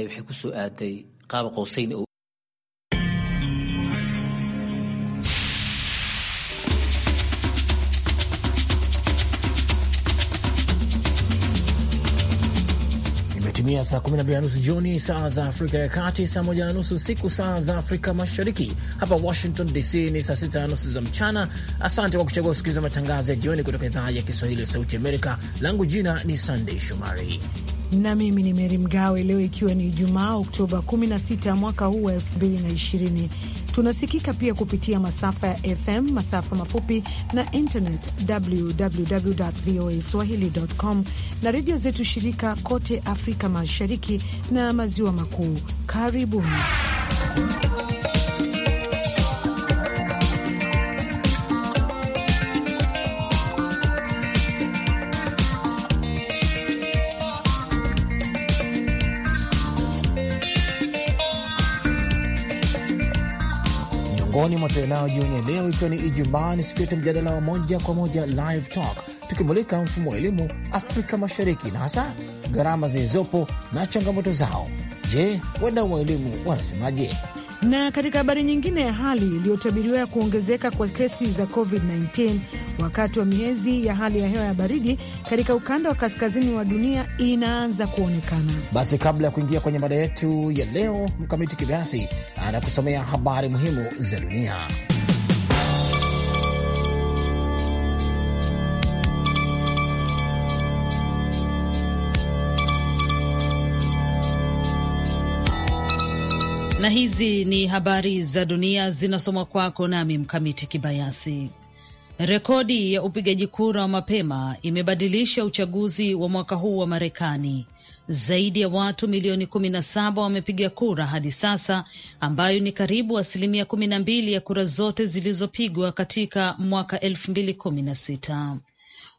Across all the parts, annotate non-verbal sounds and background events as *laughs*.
tahay waxay ku soo aaday qaab qowsayn oo imetimia saa kumi na nusu jioni saa za Afrika ya Kati, saa moja na nusu usiku saa za Afrika Mashariki. Hapa Washington DC ni saa sita na nusu za mchana. Asante kwa kuchagua kusikiliza matangazo ya jioni kutoka idhaa ya Kiswahili ya Sauti Amerika. Langu jina ni Sandey Shomari na mimi ni Meri Mgawe. Leo ikiwa ni Ijumaa, Oktoba 16 mwaka huu wa 2020 tunasikika pia kupitia masafa ya FM, masafa mafupi na internet www voa swahili.com na redio zetu shirika kote Afrika Mashariki na Maziwa Makuu. Karibuni. miongoni mwa tuenao jioni ya leo, ikiwa ni Ijumaa, ni siku yetu mjadala wa moja kwa moja live talk, tukimulika mfumo wa elimu Afrika Mashariki na hasa gharama zilizopo na changamoto zao. Je, wadau wa elimu wanasemaje? Na katika habari nyingine ya hali iliyotabiriwa ya kuongezeka kwa kesi za COVID-19 wakati wa miezi ya hali ya hewa ya baridi katika ukanda wa kaskazini wa dunia inaanza kuonekana. Basi kabla ya kuingia kwenye mada yetu ya leo, Mkamiti Kibayasi anakusomea habari muhimu za dunia. na hizi ni habari za dunia zinasomwa kwako nami Mkamiti Kibayasi. Rekodi ya upigaji kura wa mapema imebadilisha uchaguzi wa mwaka huu wa Marekani. Zaidi ya watu milioni 17 wamepiga kura hadi sasa, ambayo ni karibu asilimia 12 ya kura zote zilizopigwa katika mwaka sita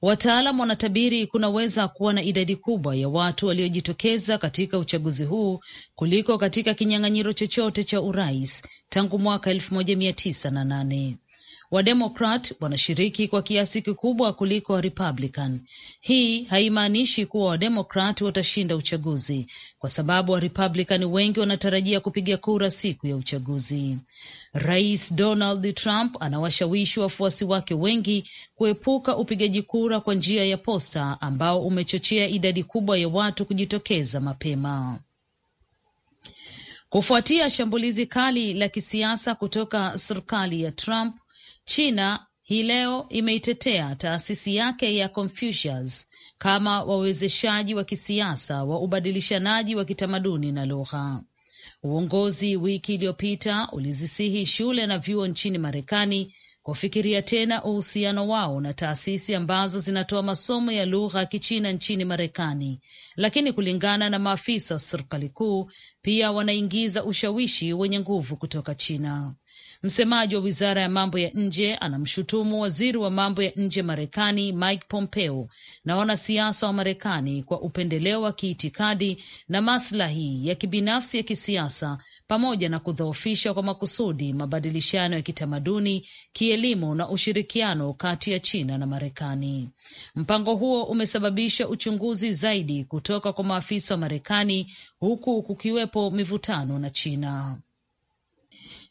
Wataalam wanatabiri kunaweza kuwa na idadi kubwa ya watu waliojitokeza katika uchaguzi huu kuliko katika kinyang'anyiro chochote cha urais tangu mwaka elfu moja mia tisa na nane. Wademokrat wanashiriki kwa kiasi kikubwa kuliko Warepublican. Hii haimaanishi kuwa Wademokrat watashinda uchaguzi, kwa sababu Warepublican wengi wanatarajia kupiga kura siku ya uchaguzi. Rais Donald Trump anawashawishi wafuasi wake wengi kuepuka upigaji kura kwa njia ya posta ambao umechochea idadi kubwa ya watu kujitokeza mapema. Kufuatia shambulizi kali la kisiasa kutoka serikali ya Trump China hii leo imeitetea taasisi yake ya Confucius kama wawezeshaji wa kisiasa wa ubadilishanaji wa kitamaduni na lugha. Uongozi wiki iliyopita ulizisihi shule na vyuo nchini Marekani kufikiria tena uhusiano wao na taasisi ambazo zinatoa masomo ya lugha ya Kichina nchini Marekani, lakini kulingana na maafisa wa serikali kuu, pia wanaingiza ushawishi wenye nguvu kutoka China. Msemaji wa wizara ya mambo ya nje anamshutumu waziri wa mambo ya nje Marekani Mike Pompeo na wanasiasa wa Marekani kwa upendeleo wa kiitikadi na maslahi ya kibinafsi ya kisiasa pamoja na kudhoofisha kwa makusudi mabadilishano ya kitamaduni, kielimu na ushirikiano kati ya China na Marekani. Mpango huo umesababisha uchunguzi zaidi kutoka kwa maafisa wa Marekani huku kukiwepo mivutano na China.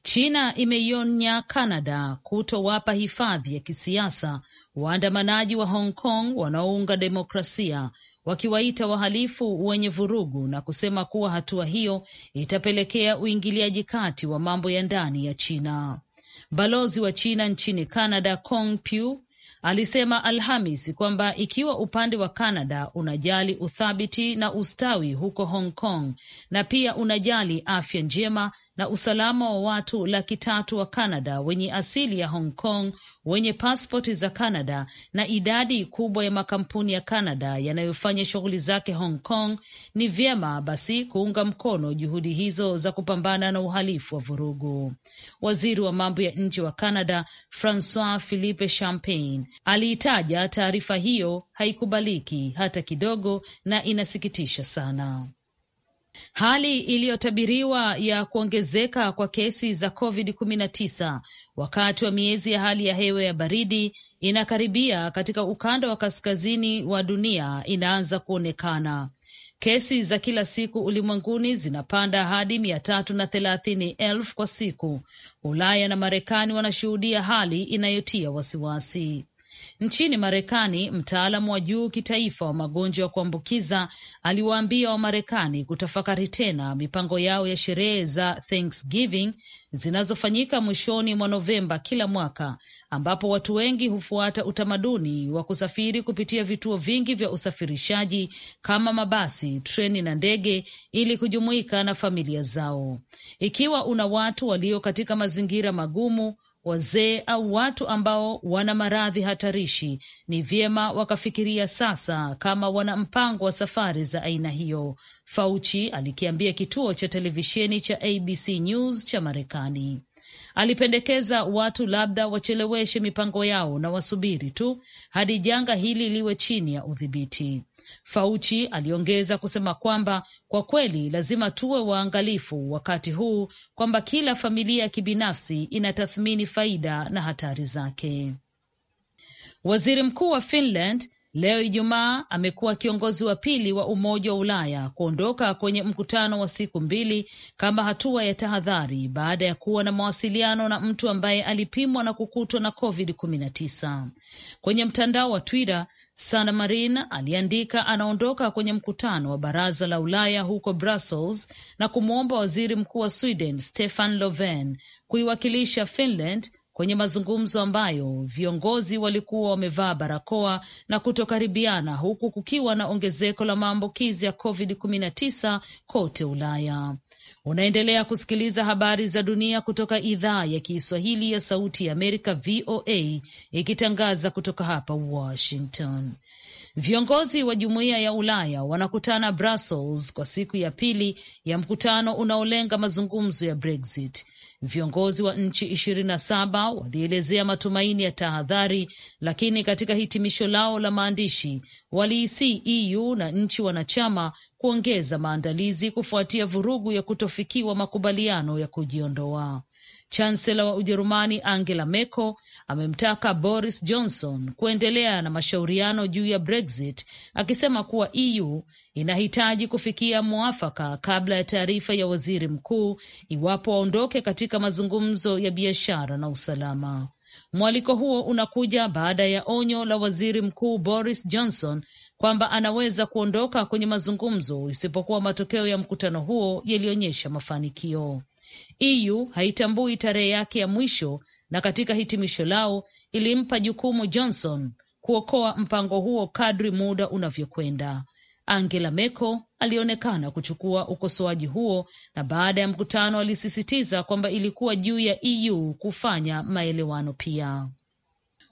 China imeionya Canada kutowapa hifadhi ya kisiasa waandamanaji wa Hong Kong wanaounga demokrasia wakiwaita wahalifu wenye vurugu na kusema kuwa hatua hiyo itapelekea uingiliaji kati wa mambo ya ndani ya China. Balozi wa China nchini Canada Kong pu alisema Alhamis kwamba ikiwa upande wa Canada unajali uthabiti na ustawi huko Hong Kong na pia unajali afya njema na usalama wa watu laki tatu wa canada wenye asili ya Hong Kong wenye paspoti za canada na idadi kubwa ya makampuni ya canada yanayofanya shughuli zake Hong Kong, ni vyema basi kuunga mkono juhudi hizo za kupambana na uhalifu wa vurugu. Waziri wa mambo ya nje wa canada Francois Philippe Champagne aliitaja taarifa hiyo haikubaliki hata kidogo na inasikitisha sana hali iliyotabiriwa ya kuongezeka kwa kesi za COVID-19 wakati wa miezi ya hali ya hewa ya baridi inakaribia katika ukanda wa kaskazini wa dunia inaanza kuonekana. Kesi za kila siku ulimwenguni zinapanda hadi mia tatu na thelathini elfu kwa siku. Ulaya na Marekani wanashuhudia hali inayotia wasiwasi. Nchini Marekani, mtaalamu wa juu kitaifa wa magonjwa ya kuambukiza aliwaambia Wamarekani kutafakari tena mipango yao ya sherehe za Thanksgiving zinazofanyika mwishoni mwa Novemba kila mwaka ambapo watu wengi hufuata utamaduni wa kusafiri kupitia vituo vingi vya usafirishaji kama mabasi, treni na ndege ili kujumuika na familia zao. Ikiwa una watu walio katika mazingira magumu, wazee au watu ambao wana maradhi hatarishi, ni vyema wakafikiria sasa kama wana mpango wa safari za aina hiyo, Fauci alikiambia kituo cha televisheni cha ABC News cha Marekani. Alipendekeza watu labda wacheleweshe mipango yao na wasubiri tu hadi janga hili liwe chini ya udhibiti. Fauci aliongeza kusema kwamba kwa kweli lazima tuwe waangalifu wakati huu, kwamba kila familia ya kibinafsi inatathmini faida na hatari zake. Waziri Mkuu wa Finland leo Ijumaa amekuwa kiongozi wa pili wa Umoja wa Ulaya kuondoka kwenye mkutano wa siku mbili kama hatua ya tahadhari baada ya kuwa na mawasiliano na mtu ambaye alipimwa na kukutwa na COVID-19. Kwenye mtandao wa Twitter, sana Marin aliandika anaondoka kwenye mkutano wa Baraza la Ulaya huko Brussels na kumwomba Waziri Mkuu wa Sweden Stefan Loven kuiwakilisha Finland kwenye mazungumzo ambayo viongozi walikuwa wamevaa barakoa na kutokaribiana huku kukiwa na ongezeko la maambukizi ya COVID-19 kote Ulaya. Unaendelea kusikiliza habari za dunia kutoka idhaa ya Kiswahili ya Sauti ya Amerika, VOA, ikitangaza kutoka hapa Washington. Viongozi wa Jumuiya ya Ulaya wanakutana Brussels kwa siku ya pili ya mkutano unaolenga mazungumzo ya Brexit. Viongozi wa nchi ishirini na saba walielezea matumaini ya tahadhari, lakini katika hitimisho lao la maandishi waliisii EU na nchi wanachama kuongeza maandalizi kufuatia vurugu ya kutofikiwa makubaliano ya kujiondoa. Chansela wa Ujerumani Angela Merkel amemtaka Boris Johnson kuendelea na mashauriano juu ya Brexit, akisema kuwa EU inahitaji kufikia mwafaka kabla ya taarifa ya waziri mkuu iwapo waondoke katika mazungumzo ya biashara na usalama. Mwaliko huo unakuja baada ya onyo la waziri mkuu Boris Johnson kwamba anaweza kuondoka kwenye mazungumzo isipokuwa matokeo ya mkutano huo yalionyesha mafanikio. EU haitambui tarehe yake ya mwisho na katika hitimisho lao ilimpa jukumu Johnson kuokoa mpango huo kadri muda unavyokwenda. Angela Merkel alionekana kuchukua ukosoaji huo na baada ya mkutano alisisitiza kwamba ilikuwa juu ya EU kufanya maelewano pia.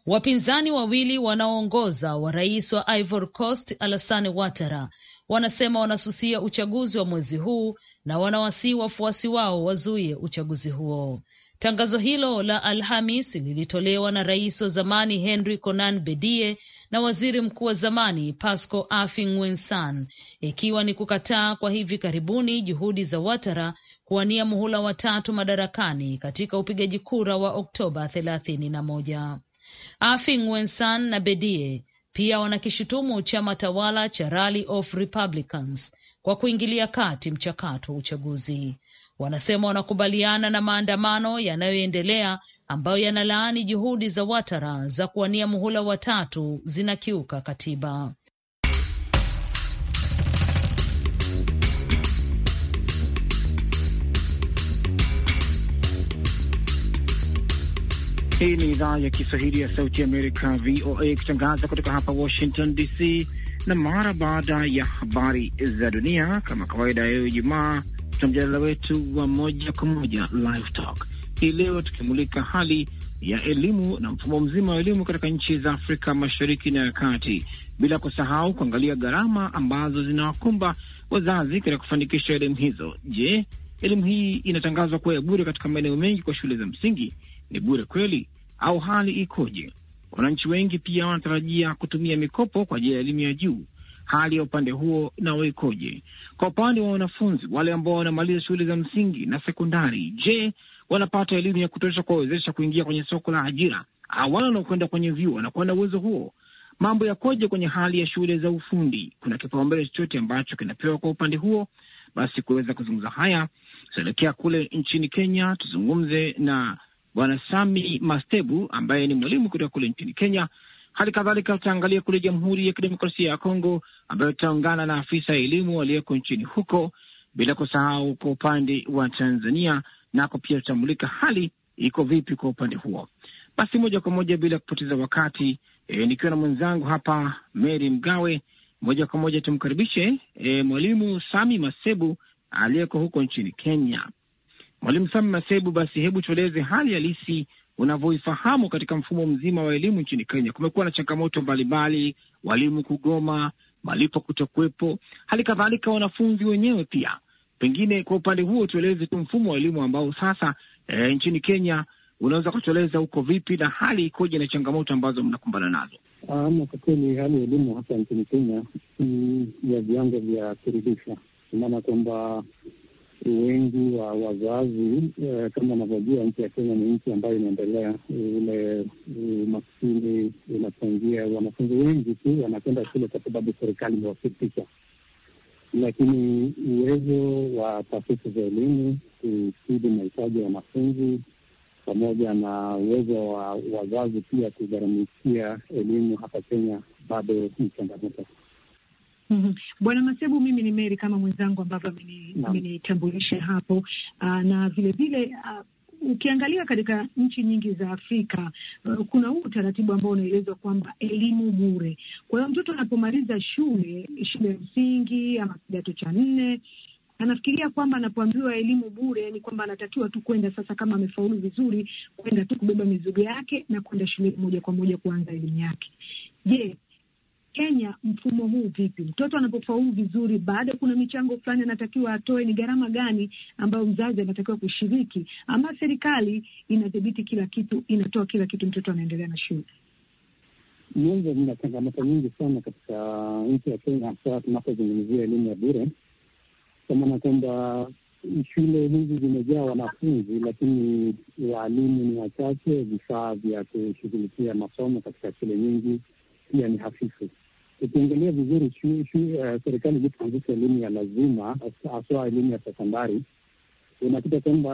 Wapinzani wawili wanaoongoza wa rais wa Ivory Coast Alassane Ouattara wanasema wanasusia uchaguzi wa mwezi huu na wanawasii wafuasi wao wazuie uchaguzi huo. Tangazo hilo la Alhamis lilitolewa na rais wa zamani Henry Konan Bedie na waziri mkuu wa zamani Pasco Afi nguessan ikiwa ni kukataa kwa hivi karibuni juhudi za Watara kuwania muhula watatu madarakani katika upigaji kura wa Oktoba thelathini na moja. na Bedie pia wanakishutumu chama tawala cha Rally of Republicans kwa kuingilia kati mchakato wa uchaguzi wanasema wanakubaliana na maandamano yanayoendelea ambayo yanalaani juhudi za Watara za kuwania muhula watatu zinakiuka katiba. Hii ni idhaa ya Kiswahili ya Sauti Amerika, VOA, ikitangaza kutoka hapa Washington DC. Na mara baada ya habari za dunia, kama kawaida, yayo Ijumaa katika mjadala wetu wa moja kwa moja Live Talk hii leo, tukimulika hali ya elimu na mfumo mzima wa elimu katika nchi za Afrika Mashariki na ya Kati, bila kusahau kuangalia gharama ambazo zinawakumba wazazi katika kufanikisha elimu hizo. Je, elimu hii inatangazwa kuwa ya bure katika maeneo mengi kwa shule za msingi? Ni bure kweli au hali ikoje? Wananchi wengi pia wanatarajia kutumia mikopo kwa ajili ya elimu ya juu hali ya upande huo nao ikoje? Kwa upande wa wanafunzi wale ambao wanamaliza shule za msingi na sekondari, je, wanapata elimu ya kutosha kuwawezesha kuingia kwenye soko la ajira? Awali wanaokwenda kwenye vyuo wanakuwa na uwezo huo? Mambo yakoje kwenye hali ya shule za ufundi? Kuna kipaumbele chochote ambacho kinapewa kwa upande huo? Basi kuweza kuzungumza haya, tutaelekea kule nchini Kenya, tuzungumze na Bwana Sami Mastebu ambaye ni mwalimu kutoka kule nchini Kenya Hali kadhalika utaangalia kule Jamhuri ya Kidemokrasia ya Kongo ambayo tutaungana na afisa elimu aliyeko nchini huko, bila kusahau kwa upande wa Tanzania nako pia tutamulika hali iko vipi kwa upande huo. Basi moja kwa moja bila kupoteza wakati e, nikiwa na mwenzangu hapa Mary Mgawe, moja kwa moja tumkaribishe e, mwalimu Sami Masebu aliyeko huko nchini Kenya. Mwalimu Sami Masebu, basi hebu tueleze hali halisi unavyoifahamu katika mfumo mzima wa elimu nchini Kenya. Kumekuwa na changamoto mbalimbali, walimu kugoma, malipo kutokuwepo, hali kadhalika wanafunzi wenyewe pia. Pengine kwa upande huo tueleze tu mfumo wa elimu ambao sasa e, nchini Kenya unaweza kutueleza uko vipi na hali ikoje na changamoto ambazo mnakumbana nazo? Ama ah, kwa kweli hali ya elimu hapa nchini Kenya ya viwango vya kuridhisha, kwa maana kwamba wengi wa wazazi eh, kama unavyojua nchi ya Kenya ni nchi ambayo inaendelea. Ule eh, umaskini unachangia, wanafunzi wengi tu wanakwenda shule kwa sababu serikali imewafikisha, lakini uwezo wa taasisi za elimu kukidhi mahitaji ya wanafunzi pamoja na uwezo wa wazazi pia kugharamikia elimu hapa Kenya bado ni changamoto. Mm *laughs* Bwana Masebu, mimi ni Mary kama mwenzangu ambavyo amenitambulisha no. hapo aa, ah, na vilevile vile, ah, ukiangalia katika nchi nyingi za Afrika uh, kuna huu utaratibu ambao unaelezwa kwamba elimu bure. Kwa hiyo mtoto anapomaliza shule shule ya msingi ama kidato cha nne anafikiria kwamba anapoambiwa elimu bure ni kwamba anatakiwa tu kwenda sasa, kama amefaulu vizuri, kwenda tu kubeba mizigo yake na kwenda shule moja kwa moja kuanza elimu yake. Je, Kenya mfumo huu vipi? Mtoto anapofaulu vizuri, baada kuna michango fulani anatakiwa atoe, ni gharama gani ambayo mzazi anatakiwa kushiriki, ama serikali inadhibiti kila kitu, inatoa kila kitu, mtoto anaendelea na shule? Mwanzo mna changamoto nyingi sana katika nchi ya Kenya, hasa tunapozungumzia elimu ya bure, kwa maana kwamba shule hizi zimejaa wanafunzi, lakini waalimu ni wachache, vifaa vya kushughulikia masomo katika shule nyingi pia ni hafifu. Ukiangalia vizuri, eh, serikali ilipoanzisha elimu ya lazima, haswa elimu ya sekondari, unakuta kwamba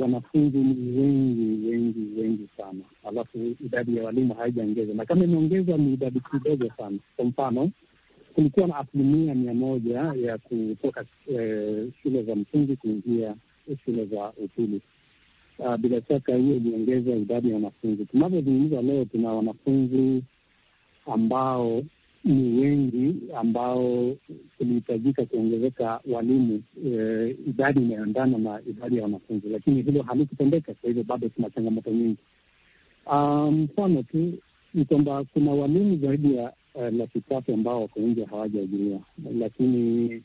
wanafunzi ni wengi wengi wengi sana, alafu idadi ya walimu haijaongezwa, na kama imeongezwa ni idadi kidogo sana. Kwa mfano, kulikuwa na asilimia mia moja ya kutoka eh, shule za msingi kuingia shule za upili. Uh, bila shaka hiyo iliongeza idadi ya wanafunzi. Tunavyozungumza leo, tuna wanafunzi ambao ni wengi ambao kulihitajika kuongezeka walimu e, idadi inayoendana na idadi ya wanafunzi, lakini hilo halikutendeka. Kwa hivyo bado kuna changamoto nyingi. Ah, mfano um, tu ni kwamba kuna walimu zaidi ya uh, laki tatu ambao wako nje hawajaajiriwa, lakini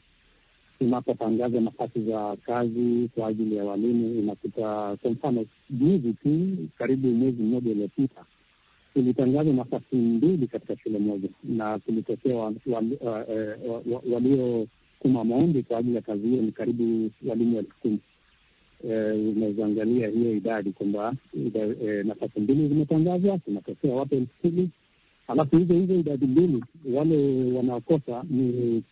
tunapotangaza nafasi za kazi kwa ajili ya walimu inakuta, kwa mfano juzi tu, karibu mwezi mmoja uliopita tulitangazwa nafasi mbili katika shule moja, na kulitokea waliokuma maombi kwa ajili ya kazi hiyo ni karibu walimu elfu kumi. E, Unazoangalia hiyo idadi kwamba e, nafasi mbili zimetangazwa, kunatokea watu elfu kumi alafu hizo hizo idadi mbili wale wanaokosa ni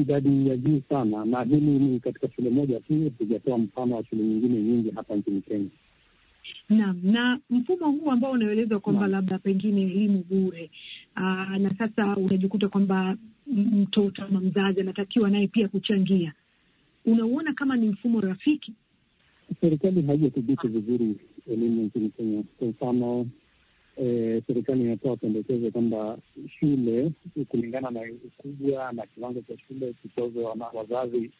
idadi ya juu sana, na hili ni katika shule moja tu, tujatoa mfano wa shule nyingine nyingi hapa nchini Kenya. Naam, na mfumo huu ambao unaelezwa kwamba labda pengine elimu bure, ah, na sasa unajikuta kwamba mtoto ama mzazi anatakiwa naye pia kuchangia, unauona kama ni mfumo rafiki? Serikali haijadhibiti vizuri elimu nchini Kenya. Kwa mfano, eh, serikali inatoa pendekezo kwamba shule, kulingana na ukubwa na kiwango cha shule, kitozo wazazi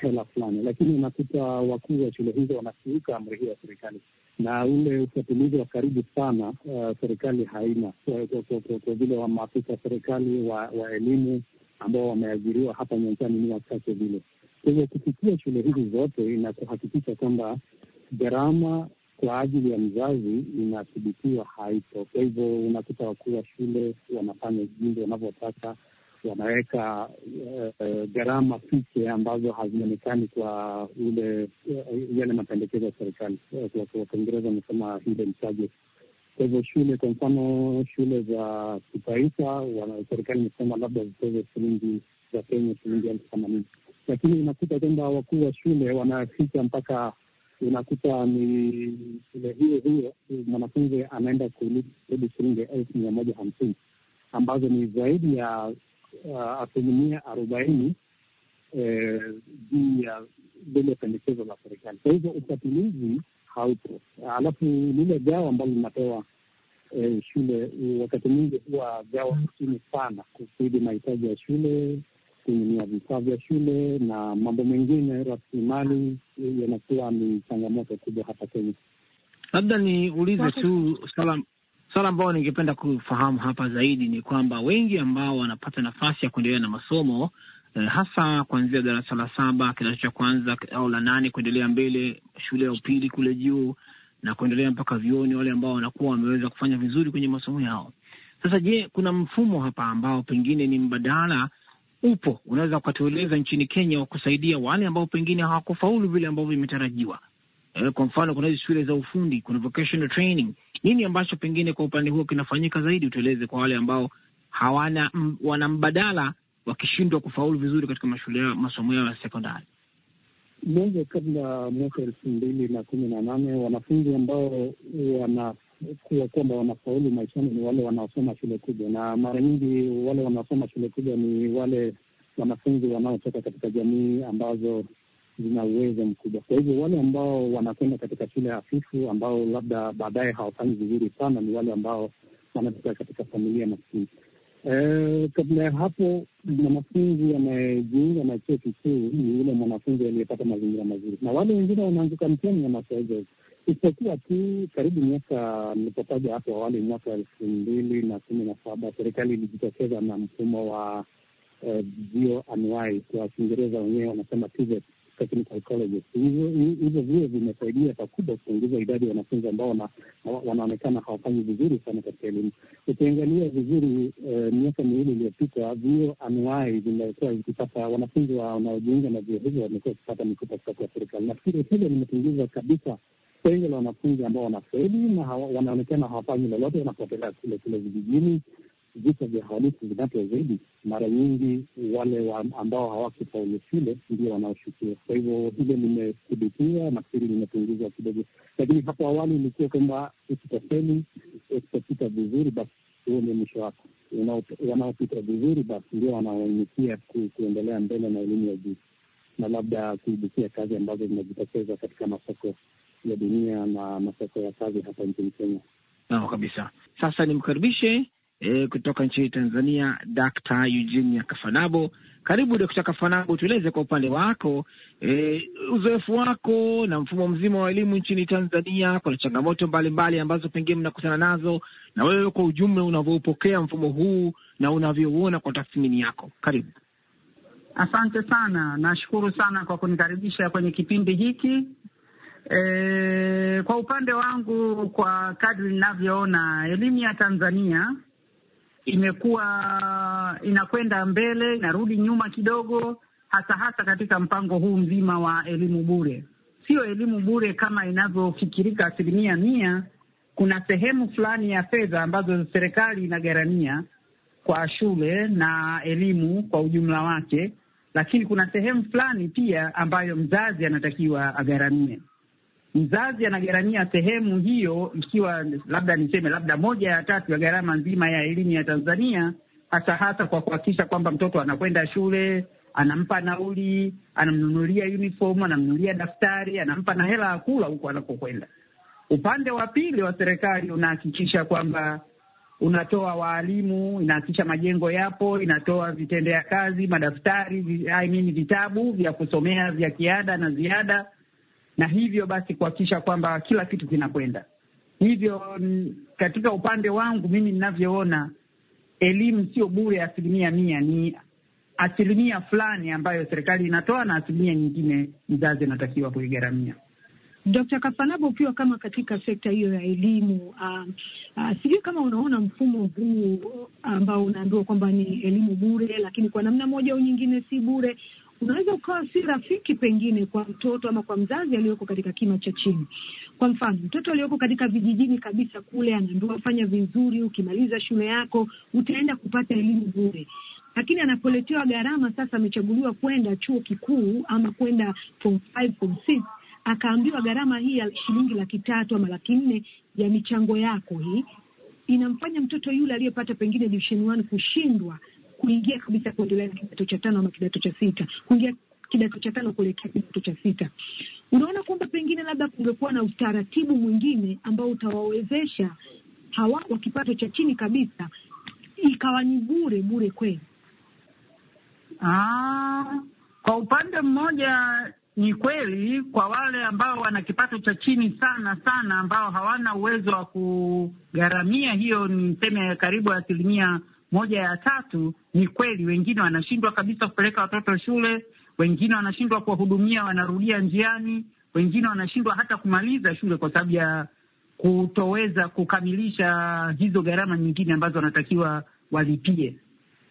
hela fulani, lakini unakuta wakuu wa shule hizo wanakiuka amri hiyo ya serikali na ule ufuatilizi wa karibu sana uh, serikali haina kwa vile wa maafisa serikali wa, wa elimu ambao wameajiriwa hapa nyanjani ni wachache vile. Kwa hivyo kupitia shule hizi zote na kuhakikisha kwamba gharama kwa ajili ya mzazi inathibitiwa haipo. Kwa hivyo unakuta wakuu wa shule wanafanya jinsi wanavyotaka wanaweka uh, gharama fiche ambazo hazionekani kwa ule uh, yale mapendekezo ya serikali. Eh, kwa Kiingereza wamesema hidden charges. Kwa hivyo shule, kwa mfano shule za kitaifa, serikali imesema labda zitoze shilingi za Kenya shilingi elfu themanini, lakini unakuta kwamba wakuu wa shule wanaficha mpaka unakuta ni shule hiyo hiyo, mwanafunzi anaenda kurudi shilingi elfu mia moja hamsini ambazo ni zaidi ya Uh, asilimia arobaini eh, juu ya lile pendekezo la serikali. Kwa hivyo ufatilizi haupo. Alafu lile gao ambalo linapewa eh, shule wakati mwingi huwa gao chini sana kuzidi mahitaji ya shule, kununua vifaa vya shule na mambo mengine, rasilimali yanakuwa ni changamoto kubwa hapa Kenya. Labda niulize tu salam Swala ambayo ningependa kufahamu hapa zaidi ni kwamba wengi ambao wanapata nafasi ya kuendelea na masomo eh, hasa kuanzia darasa la saba kidato cha kwanza au la nane kuendelea mbele shule ya upili kule juu na kuendelea mpaka vioni, wale ambao wanakuwa wameweza kufanya vizuri kwenye masomo yao. Sasa je, kuna mfumo hapa ambao pengine ni mbadala upo, unaweza ukatueleza nchini Kenya wa kusaidia wale ambao pengine hawakufaulu vile ambavyo vimetarajiwa? Eh, kwa mfano kuna hizi shule za ufundi, kuna vocational training nini ambacho pengine kwa upande huo kinafanyika zaidi, utueleze kwa wale ambao hawana wana mbadala wakishindwa kufaulu vizuri katika mashule yao, masomo yao ya sekondari? Mwanzo, kabla mwaka elfu mbili na kumi na nane wanafunzi ambao wanakuwa kwamba wanafaulu maishani ni wale wanaosoma shule kubwa, na mara nyingi wale wanaosoma shule kubwa ni wale wanafunzi wanaotoka katika jamii ambazo zina uwezo mkubwa. Kwa hivyo wale ambao wanakwenda katika shule hafifu, ambao labda baadaye hawafanyi vizuri sana, ni wale ambao wanatoka katika familia maskini. E, kabla ya hapo, mwanafunzi anayejiunga na chuo kikuu ni yule mwanafunzi aliyepata mazingira mazuri, na wale wengine wanaanguka na wanasoja, isipokuwa tu karibu miaka nilipotaja hapo awali, mwaka elfu mbili na kumi na saba serikali ilijitokeza na mfumo wa eh, vio anuai, kwa Kiingereza wenyewe wanasema TVET technical colleges. Hivyo vimesaidia pakubwa kupunguza idadi ya wanafunzi ambao wanaonekana hawafanyi vizuri sana katika elimu. Ukiangalia vizuri, eh, miaka miwili iliyopita, vio anuai vimekuwa vikipata wanafunzi wanaojiunga na vio hivyo wamekuwa wakipata mikopo kutoka kwa serikali. Nafikiri hilo limepunguza kabisa pengo la wanafunzi ambao wanafeli na wanaonekana hawafanyi lolote, wanapotelea kule kule vijijini vita vya halifu vinapya zaidi, mara nyingi wale wa ambao hawakufaulu shule ndio wanaoshukiwa. Kwa hivyo hilo limekudikia, nafikiri limepunguzwa kidogo, lakini hapo awali ilikuwa kwamba ukitafeli, ukitapita vizuri, basi huo ndio mwisho wako. Wanaopita vizuri, basi ndio wanaoinikia kuendelea mbele na elimu ya juu na labda kuibukia kazi ambazo zinajitokeza katika masoko ya dunia na masoko ya kazi hapa nchini Kenya. Nao kabisa. Sasa nimkaribishe e, kutoka nchini Tanzania, Dkt. Eugenia Kafanabo. Karibu Dkt. Kafanabo, tueleze kwa upande wako e, uzoefu wako na mfumo mzima wa elimu nchini Tanzania. Kuna changamoto mbalimbali mbali ambazo pengine mnakutana nazo, na wewe kwa ujumla unavyoupokea mfumo huu na unavyouona kwa tathmini yako. Karibu. Asante sana, nashukuru sana kwa kunikaribisha kwenye kipindi hiki. E, kwa upande wangu, kwa kadri ninavyoona elimu ya Tanzania imekuwa inakwenda mbele, inarudi nyuma kidogo, hasa hasa katika mpango huu mzima wa elimu bure. Sio elimu bure kama inavyofikirika asilimia mia. Kuna sehemu fulani ya fedha ambazo serikali inagharamia kwa shule na elimu kwa ujumla wake, lakini kuna sehemu fulani pia ambayo mzazi anatakiwa agharamie mzazi anagharamia sehemu hiyo, ikiwa labda niseme labda moja ya tatu ya gharama nzima ya elimu ya Tanzania, hasa hasa kwa kuhakikisha kwamba mtoto anakwenda shule, anampa nauli, anamnunulia uniform, anamnunulia daftari, anampa na hela ya kula huko anakokwenda. Upande wa pili wa serikali unahakikisha kwamba unatoa waalimu, inahakikisha majengo yapo, inatoa vitendea kazi, madaftari, I mean vitabu vya kusomea vya kiada na ziada na hivyo basi kuhakikisha kwamba kila kitu kinakwenda hivyo. Mm, katika upande wangu mimi ninavyoona, elimu sio bure asilimia mia, ni asilimia fulani ambayo serikali inatoa na asilimia nyingine mzazi anatakiwa kuigharamia. Dkt. kafanabo ukiwa kama katika sekta hiyo ya elimu, um, uh, sijui kama unaona mfumo huu ambao unaambiwa kwamba ni elimu bure, lakini kwa namna moja au nyingine si bure, unaweza ukawa si rafiki pengine kwa mtoto ama kwa mzazi aliyoko katika kima cha chini. Kwa mfano, mtoto aliyoko katika vijijini kabisa kule anaambiwa fanya vizuri, ukimaliza shule yako utaenda kupata elimu bure lakini anapoletewa gharama sasa, amechaguliwa kwenda chuo kikuu ama kwenda form five, form six, akaambiwa gharama hii ya shilingi laki tatu ama laki nne ya michango yako hii, inamfanya mtoto yule aliyepata pengine division one kushindwa kuingia kabisa kuendelea na kidato cha tano ama kidato cha sita, kuingia kidato cha tano kuelekea kidato cha sita. Unaona kwamba pengine labda kungekuwa na utaratibu mwingine ambao utawawezesha hawa wa kipato cha chini kabisa, ikawa ni bure bure kweli. kwa upande mmoja ni kweli kwa wale ambao wana kipato cha chini sana sana, ambao hawana uwezo wa kugharamia hiyo, ni seme karibu asilimia moja ya tatu ni kweli, wengine wanashindwa kabisa kupeleka watoto shule, wengine wanashindwa kuwahudumia, wanarudia njiani, wengine wanashindwa hata kumaliza shule kwa sababu ya kutoweza kukamilisha hizo gharama nyingine ambazo wanatakiwa walipie.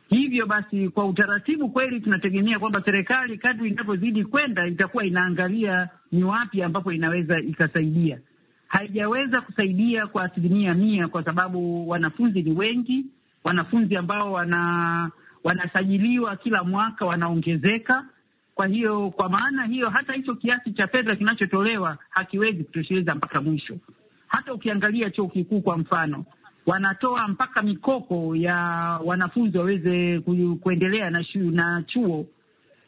Hivyo basi, kwa utaratibu kweli tunategemea kwamba serikali kadri inavyozidi kwenda itakuwa inaangalia ni wapi ambapo inaweza ikasaidia. Haijaweza kusaidia kwa asilimia mia kwa sababu wanafunzi ni wengi wanafunzi ambao wana wanasajiliwa kila mwaka wanaongezeka. Kwa hiyo kwa maana hiyo, hata hicho kiasi cha fedha kinachotolewa hakiwezi kutosheleza mpaka mwisho. Hata ukiangalia chuo kikuu kwa mfano, wanatoa mpaka mikopo ya wanafunzi waweze kuendelea na, shu, na chuo,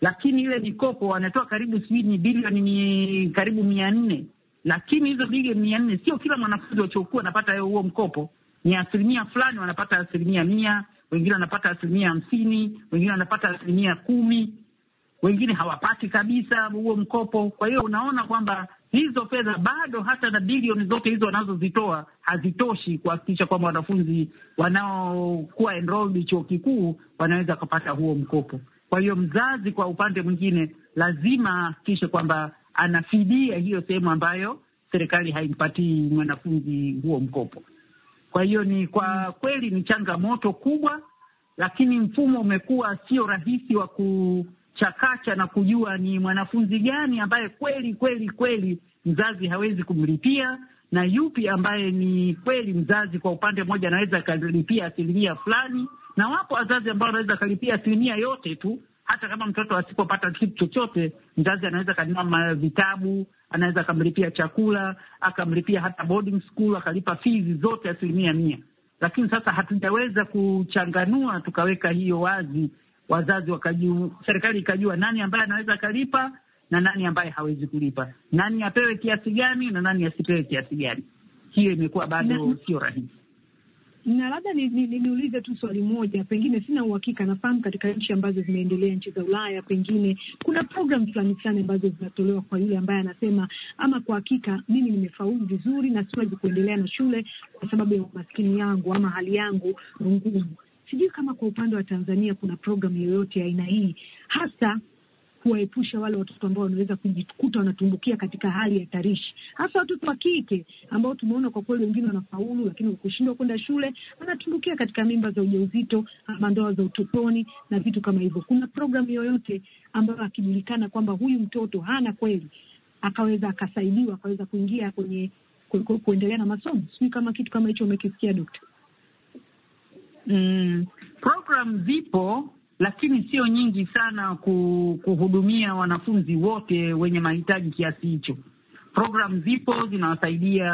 lakini ile mikopo wanatoa karibu sijui ni bilioni karibu mia nne, lakini hizo bilioni mia nne sio kila mwanafunzi wa chuo kikuu anapata huo mkopo ni asilimia fulani wanapata asilimia mia, wengine wanapata asilimia hamsini, wengine wanapata asilimia kumi, wengine hawapati kabisa huo mkopo. Kwa hiyo unaona kwamba hizo fedha bado hata na bilioni zote hizo wanazozitoa hazitoshi kuhakikisha kwamba wanafunzi wanaokuwa enrolled chuo kikuu wanaweza kupata huo mkopo. Kwa hiyo mzazi kwa upande mwingine lazima ahakikishe kwamba anafidia hiyo sehemu ambayo serikali haimpatii mwanafunzi huo mkopo. Kwa hiyo ni kwa mm. kweli ni changamoto kubwa, lakini mfumo umekuwa sio rahisi wa kuchakacha na kujua ni mwanafunzi gani ambaye kweli kweli kweli mzazi hawezi kumlipia na yupi ambaye ni kweli mzazi kwa upande mmoja anaweza akalipia asilimia fulani, na wapo wazazi ambao wanaweza akalipia asilimia yote tu hata kama mtoto asipopata kitu chochote, mzazi anaweza akanunua vitabu, anaweza akamlipia chakula, akamlipia hata boarding school, akalipa fizi zote asilimia mia. Lakini sasa hatujaweza kuchanganua tukaweka hiyo wazi, wazazi wakajua, serikali ikajua nani ambaye anaweza akalipa na nani ambaye hawezi kulipa, nani apewe kiasi gani na nani asipewe kiasi gani. Hiyo imekuwa bado sio rahisi na labda niulize ni, ni tu swali moja, pengine sina uhakika. Nafahamu katika nchi ambazo zimeendelea, nchi za Ulaya, pengine kuna programu fulani fulani ambazo zinatolewa kwa yule ambaye anasema ama, kwa hakika mimi nimefaulu vizuri na siwezi kuendelea na shule kwa sababu ya umaskini yangu ama hali yangu ngumu. Sijui kama kwa upande wa Tanzania kuna programu yoyote ya aina hii, hasa kuwaepusha wale watoto ambao wanaweza kujikuta wanatumbukia katika hali ya tarishi hasa watoto wa kike ambao tumeona kwa kweli wengine wanafaulu, lakini wakushindwa kushindwa kwenda shule wanatumbukia katika mimba za ujauzito ama ndoa za utotoni na vitu kama hivyo. Kuna programu yoyote ambayo akijulikana kwamba huyu mtoto hana kweli, akaweza akasaidiwa, akaweza kuingia kwenye kuendelea na masomo? Sijui kama kitu kama hicho umekisikia, Dokta. Mm, program zipo lakini sio nyingi sana kuhudumia wanafunzi wote wenye mahitaji kiasi hicho. Programu zipo zinawasaidia,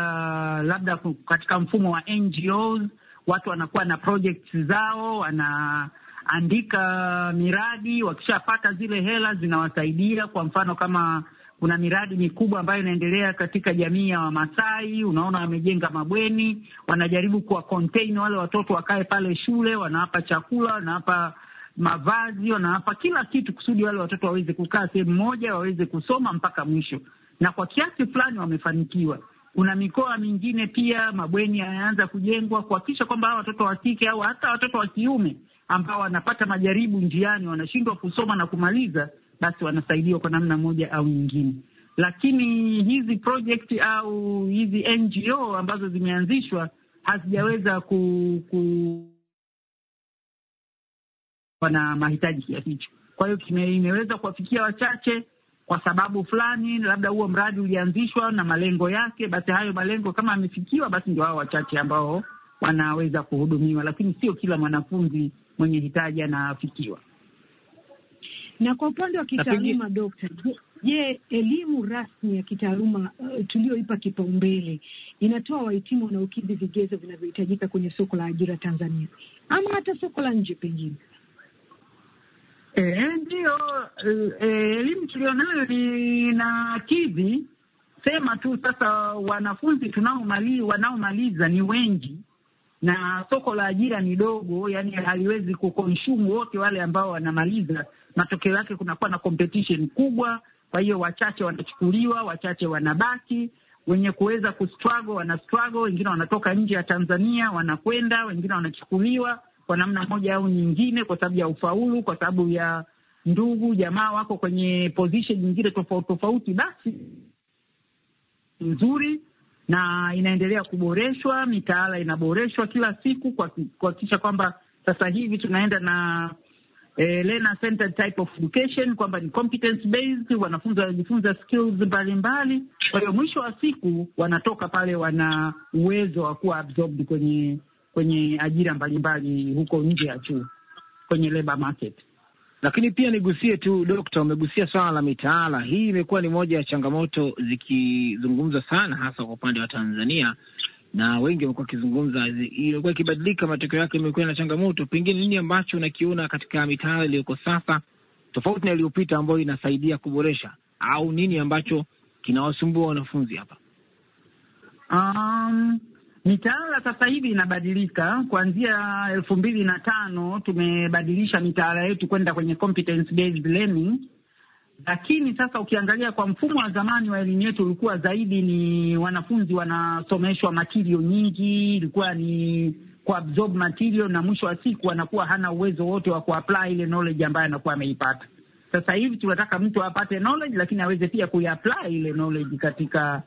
labda katika mfumo wa NGOs, watu wanakuwa na projects zao, wanaandika miradi, wakishapata zile hela zinawasaidia. Kwa mfano kama kuna miradi mikubwa ambayo inaendelea katika jamii ya Wamasai, unaona wamejenga mabweni, wanajaribu kuwa contain wale watoto wakae pale shule, wanawapa chakula, wanawapa mavazi, wanawapa kila kitu kusudi wale watoto waweze kukaa sehemu moja, waweze kusoma mpaka mwisho, na kwa kiasi fulani wamefanikiwa. Kuna mikoa mingine pia mabweni yanaanza kujengwa kuhakikisha kwamba hawa watoto wa kike au hata watoto wa kiume ambao wanapata majaribu njiani, wanashindwa kusoma na kumaliza, basi wanasaidiwa kwa namna moja au nyingine. Lakini hizi project au hizi NGO ambazo zimeanzishwa hazijaweza ku, ku wana mahitaji kiasi hicho. Kwa hiyo kime, imeweza kuwafikia wachache kwa sababu fulani, labda huo mradi ulianzishwa na malengo yake, basi hayo malengo kama amefikiwa, basi ndio hao wachache ambao wanaweza kuhudumiwa, lakini sio kila mwanafunzi mwenye hitaji anafikiwa. Na kwa upande wa kitaaluma, Dokta, je, elimu rasmi ya kitaaluma uh, tuliyoipa kipaumbele inatoa wahitimu wanaokidhi vigezo vinavyohitajika kwenye soko la ajira Tanzania ama hata soko la nje pengine? Eh, Ndiyo, eh, eh, elimu tulionayo ni na kidhi sema tu sasa, wanafunzi tunaomali wanaomaliza ni wengi na soko la ajira ni dogo, yani haliwezi kukonshumu wote wale ambao wanamaliza. Matokeo yake kunakuwa na competition kubwa, kwa hiyo wachache wanachukuliwa, wachache wanabaki. Wenye kuweza kustruggle wana struggle, wengine wanatoka nje ya Tanzania wanakwenda, wengine wanachukuliwa kwa namna moja au nyingine, kwa sababu ya ufaulu, kwa sababu ya ndugu jamaa wako kwenye position nyingine tofauti tofauti, basi nzuri na inaendelea kuboreshwa, mitaala inaboreshwa kila siku kuhakikisha kwamba sasa hivi tunaenda na eh, learner centered type of education kwamba ni competence based, wanafunzi wanajifunza skills mbalimbali. Kwa hiyo mwisho wa siku wanatoka pale wana uwezo wa kuwa absorbed kwenye kwenye ajira mbalimbali huko nje ya chuo kwenye labor market. Lakini pia nigusie tu, Dokta, umegusia swala la mitaala. Hii imekuwa ni moja ya changamoto zikizungumzwa sana, hasa kwa upande wa Tanzania, na wengi wamekuwa wakizungumza. Imekuwa ikibadilika, matokeo yake imekuwa na changamoto. Pengine nini ambacho unakiona katika mitaala iliyoko sasa tofauti na iliyopita, ambayo inasaidia kuboresha, au nini ambacho kinawasumbua wanafunzi hapa? Um, Mitaala sasa hivi inabadilika. Kuanzia elfu mbili na tano tumebadilisha mitaala yetu kwenda kwenye competence based learning, lakini sasa ukiangalia kwa mfumo wa zamani wa elimu yetu ulikuwa zaidi ni wanafunzi wanasomeshwa material nyingi, ilikuwa ni kuabsorb material na mwisho wa siku anakuwa hana uwezo wote wa kuapply ile knowledge ambayo anakuwa ameipata. Sasa hivi tunataka mtu apate knowledge, lakini aweze pia kuiapply ile knowledge katika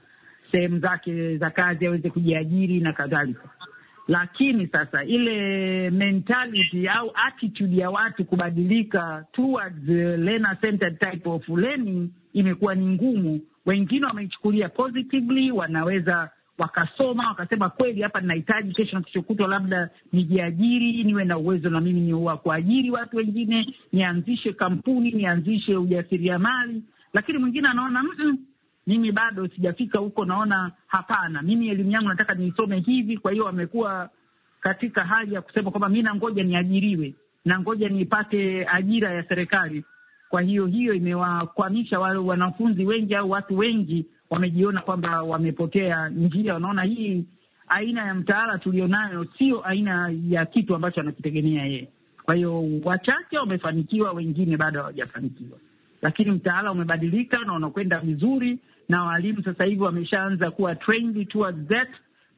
sehemu zake za kazi, aweze kujiajiri na kadhalika. Lakini sasa ile mentality au attitude ya watu kubadilika towards uh, learner centered type of learning imekuwa ni ngumu. Wengine wameichukulia positively, wanaweza wakasoma wakasema, kweli hapa ninahitaji kesho na keshokutwa labda nijiajiri, niwe na uwezo na mimi wa kuajiri watu wengine, nianzishe kampuni, nianzishe ujasiriamali. Lakini mwingine anaona mm -mm, mimi bado sijafika huko, naona hapana, mimi elimu yangu nataka niisome hivi. Kwa hiyo wamekuwa katika hali ya kusema kwamba mi nangoja niajiriwe na ngoja nipate ajira ya serikali. Kwa hiyo hiyo imewakwamisha wale wanafunzi wengi au watu wengi wamejiona kwamba wamepotea njia, wanaona hii aina ya mtaala tulionayo sio aina ya kitu ambacho anakitegemea yeye. Kwa hiyo wachache wamefanikiwa, wengine bado hawajafanikiwa, lakini mtaala umebadilika na unakwenda vizuri, na waalimu sasa hivi wameshaanza kuwa trained towards that.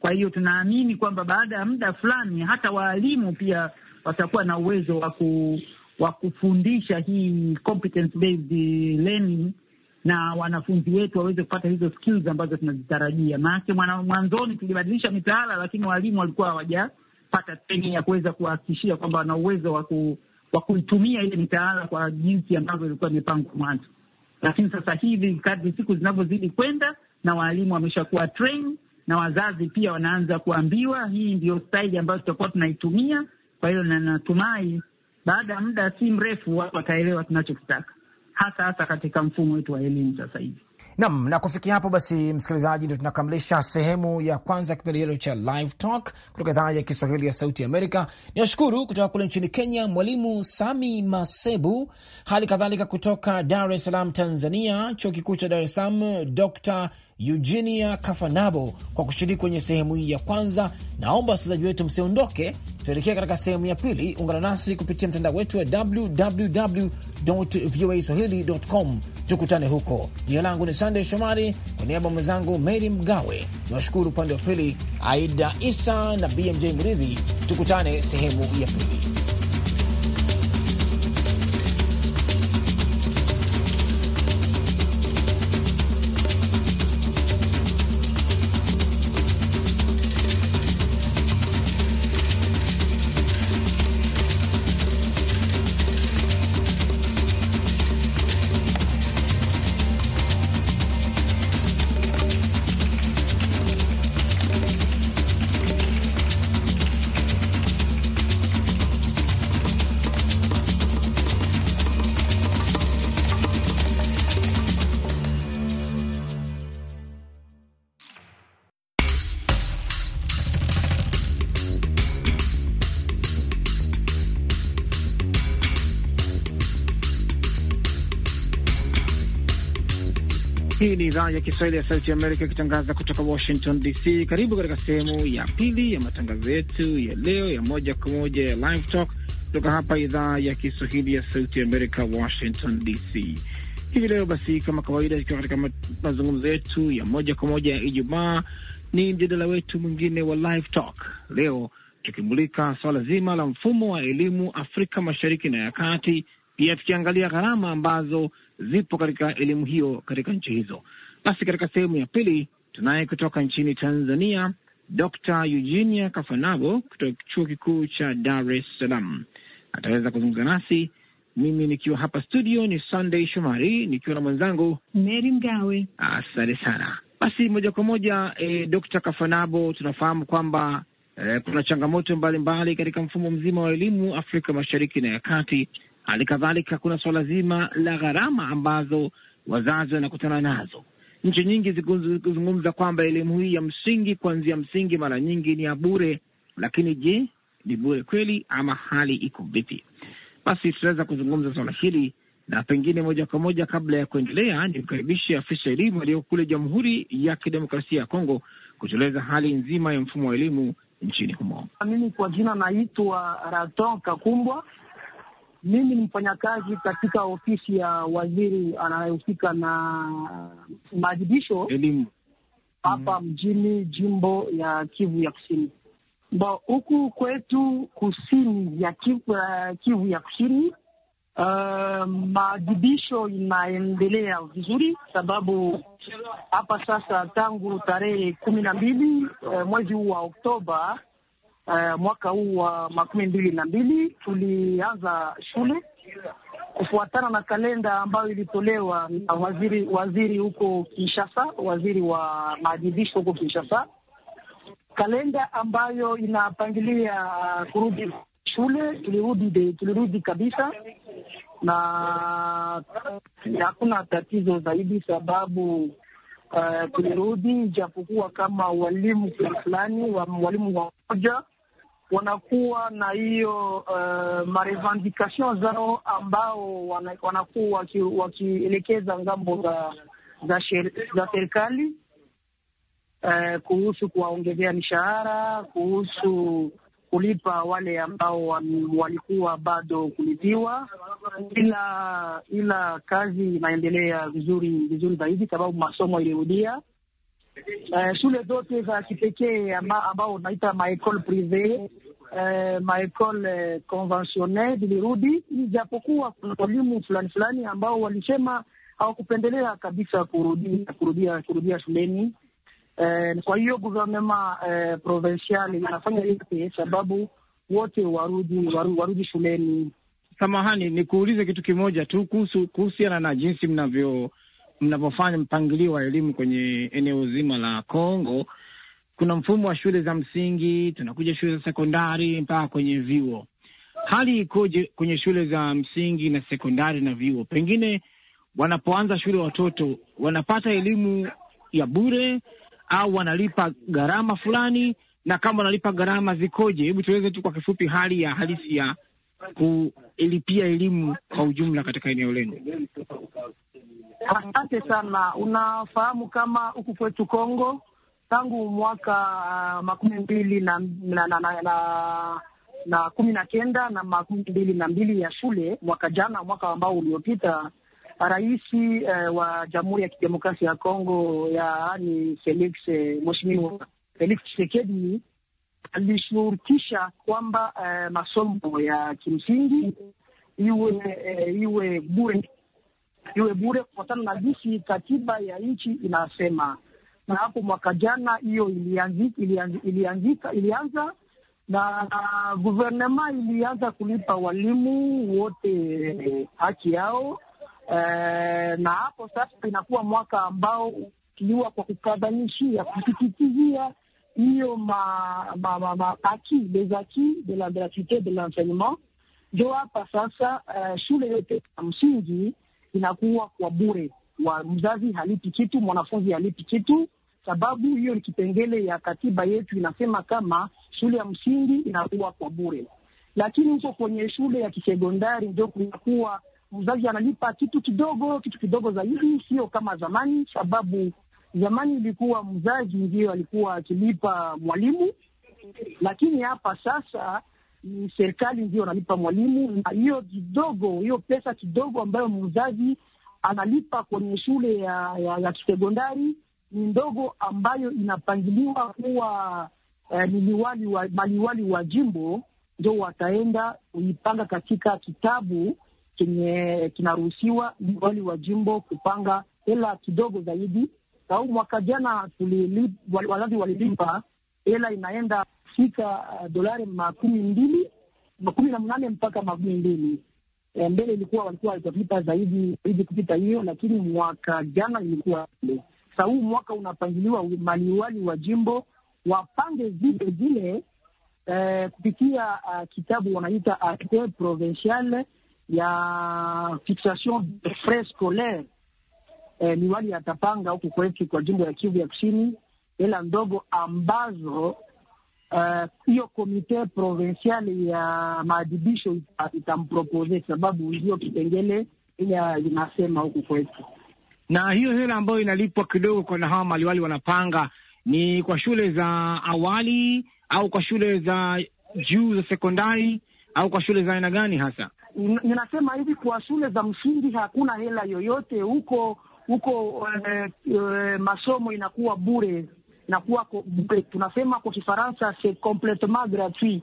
Kwa hiyo tunaamini kwamba baada ya muda fulani hata waalimu pia watakuwa na uwezo wa wa kufundisha hii competence based learning na wanafunzi wetu waweze kupata hizo skills ambazo tunazitarajia. Maanake mwanzoni tulibadilisha mitaala, lakini waalimu walikuwa hawajapata training ya kuweza kuhakikishia kwamba wana uwezo wa kuitumia ile mitaala kwa jinsi ambavyo ilikuwa imepangwa mwanzo. Lakini sasa hivi kadri siku zinavyozidi kwenda, na waalimu wameshakuwa train na wazazi pia wanaanza kuambiwa hii ndiyo staili ambayo tutakuwa tunaitumia. Kwa hiyo na natumai baada ya muda si mrefu watu wataelewa tunachokitaka hasa hasa katika mfumo wetu wa elimu sasa hivi. Nam, na kufikia hapo basi, msikilizaji, ndio tunakamilisha sehemu ya kwanza kipindi hilo cha Live Talk kutoka idhaa ya Kiswahili ya Sauti Amerika. Niwashukuru kutoka kule nchini Kenya, Mwalimu Sami Masebu, hali kadhalika kutoka Dar es Salaam Tanzania, Chuo Kikuu cha Dar es Salaam Dr Eugenia Kafanabo kwa kushiriki kwenye sehemu hii ya kwanza. Naomba wasikilizaji wetu msiondoke, tuelekea katika sehemu ya pili. Ungana nasi kupitia mtandao wetu wa www voa swahili com. Tukutane huko. Jina langu ni Sandey Shomari, kwa niaba ya mwenzangu Mary Mgawe ni washukuru upande wa pili Aida Isa na BMJ Mridhi. Tukutane sehemu ya pili. Hii ni idhaa ya Kiswahili ya Sauti ya Amerika ikitangaza kutoka Washington DC. Karibu katika sehemu ya pili ya matangazo yetu ya leo ya moja kwa moja ya Live Talk kutoka hapa idhaa ya Kiswahili ya Sauti ya Amerika, Washington DC. Hivi leo basi, kama kawaida, ikiwa katika mazungumzo yetu ya moja kwa moja ya Ijumaa, ni mjadala wetu mwingine wa Live Talk leo tukimulika swala zima la mfumo wa elimu Afrika Mashariki na ya Kati, pia tukiangalia gharama ambazo zipo katika elimu hiyo katika nchi hizo. Basi katika sehemu ya pili tunaye kutoka nchini Tanzania Dr. Eugenia Kafanabo kutoka chuo kikuu cha Dar es Salaam ataweza kuzungumza nasi. Mimi nikiwa hapa studio ni Sunday Shomari nikiwa na mwenzangu Mary Mgawe. Asante sana. Basi moja kwa moja e, Dr. Kafanabo, tunafahamu kwamba e, kuna changamoto mbalimbali mbali katika mfumo mzima wa elimu Afrika Mashariki na ya Kati, Hali kadhalika kuna suala zima la gharama ambazo wazazi wanakutana nazo. Nchi nyingi zikizungumza kwamba elimu hii ya msingi, kuanzia msingi, mara nyingi ni ya bure. Lakini je, ni bure kweli ama hali iko vipi? Basi tutaweza kuzungumza suala hili na pengine moja kwa moja. Kabla ya kuendelea, ni mkaribishi afisa elimu aliyoko kule Jamhuri ya Kidemokrasia ya Kongo kutueleza hali nzima ya mfumo wa elimu nchini humo. Mimi kwa jina naitwa Raton Kakumbwa mimi ni mfanyakazi katika ofisi ya waziri anayehusika na maadhibisho elimu hapa mm -hmm. mjini jimbo ya Kivu ya Kusini. Ba huku kwetu kusini ya Kivu, uh, Kivu ya Kusini uh, maadhibisho inaendelea vizuri, sababu hapa sasa tangu tarehe kumi na mbili uh, mwezi huu wa Oktoba Uh, mwaka huu wa makumi mbili na mbili tulianza shule kufuatana na kalenda ambayo ilitolewa na waziri waziri huko Kinshasa, waziri wa maadibisho huko Kinshasa, kalenda ambayo inapangilia kurudi shule. Tulirudi de, tulirudi kabisa na hakuna tatizo zaidi, sababu uh, tulirudi ijapokuwa kama walimu fulani walimu wamoja wanakuwa na hiyo uh, eh, marevendication zao ambao wanakuwa wakielekeza waki ngambo za za serikali uh, kuhusu kuwaongezea mishahara, kuhusu kulipa wale ambao walikuwa bado kulipiwa, ila ila kazi inaendelea vizuri vizuri zaidi, sababu masomo ilirudia. Uh, shule zote za kipekee ambao unaita maecole prive eh, maekole eh, konvensione vilirudi, ijapokuwa kuna walimu fulani fulani ambao walisema hawakupendelea kabisa kurudia kurudia kurudia shuleni. Eh, kwa hiyo guvernema eh, provincial inafanya yote sababu wote warudi waru, warudi shuleni. Samahani, ni kuulize kitu kimoja tu kuhusu kuhusiana na jinsi mnavyo mnavyofanya mpangilio wa elimu kwenye eneo zima la Kongo kuna mfumo wa shule za msingi, tunakuja shule za sekondari mpaka kwenye vyuo. Hali ikoje kwenye shule za msingi na sekondari na vyuo? Pengine wanapoanza shule watoto wanapata elimu ya bure au wanalipa gharama fulani, na kama wanalipa gharama zikoje? Hebu tuweze tu kwa kifupi hali ya halisi ya kulipia elimu kwa ujumla katika eneo lenu. Asante sana. Unafahamu kama huku kwetu Kongo tangu mwaka uh, makumi mbili na, na, na, na, na na kumi na kenda na makumi mbili na mbili ya shule mwaka jana, mwaka ambao uliopita, rais eh, wa Jamhuri ya Kidemokrasia ya Kongo yaani Felix uh, Mheshimiwa Felix Tshisekedi alishurutisha kwamba eh, masomo ya kimsingi iwe eh, iwe bure iwe bure kufuatana na jinsi katiba ya nchi inasema na hapo mwaka jana hiyo ilianzi, ilianzi, ilianzika ilianza na guvernema ilianza kulipa walimu wote haki yao e, na hapo sasa inakuwa mwaka ambao kiliwa kwa kukadhanishia kusikitizia hiyo haki ma, ma, aki de la gratuite de l'enseignement jo hapa sasa uh, shule yote ya msingi inakuwa kwa bure, wa mzazi halipi kitu, mwanafunzi halipi kitu sababu hiyo ni kipengele ya katiba yetu inasema kama shule ya msingi inakuwa kwa bure, lakini huko kwenye shule ya kisekondari ndio kunakuwa mzazi analipa kitu kidogo, kitu kidogo zaidi, sio kama zamani, sababu zamani ilikuwa mzazi ndiyo alikuwa akilipa mwalimu, lakini hapa sasa ni serikali ndio analipa mwalimu, na hiyo kidogo, hiyo pesa kidogo ambayo mzazi analipa kwenye shule ya, ya, ya kisekondari ni ndogo ambayo inapangiliwa kuwa eh, ni liwali wa, maliwali wa jimbo ndio wataenda kuipanga katika kitabu chenye kinaruhusiwa liwali wa jimbo kupanga hela kidogo zaidi, au mwaka jana wazazi walilipa hela inaenda fika eh, dolari makumi mbili makumi na mnane mpaka makumi mbili eh, mbele ilikuwa walikuwa walipa zaidi zaidi kupita hiyo, lakini mwaka jana ilikuwa sasa huu mwaka unapangiliwa maliwali wa jimbo wapange vile vile eh, kupitia uh, kitabu wanaita acte provincial ya fixation de frais scolaire. Eh, miwali atapanga huku kwetu kwa jimbo ya Kivu ya Kusini hela ndogo ambazo eh, hiyo uh, komite provincial ya maadibisho itampropose ita, sababu ndio kipengele ile inasema huku kwetu na hiyo hela ambayo inalipwa kidogo kwa hawa maliwali wanapanga ni kwa shule za awali au kwa shule za juu za sekondari au kwa shule za aina gani hasa? Ninasema hivi, kwa shule za msingi hakuna hela yoyote huko huko. Uh, uh, masomo inakuwa bure, inakuwa bure, tunasema kwa Kifaransa c'est complètement gratuit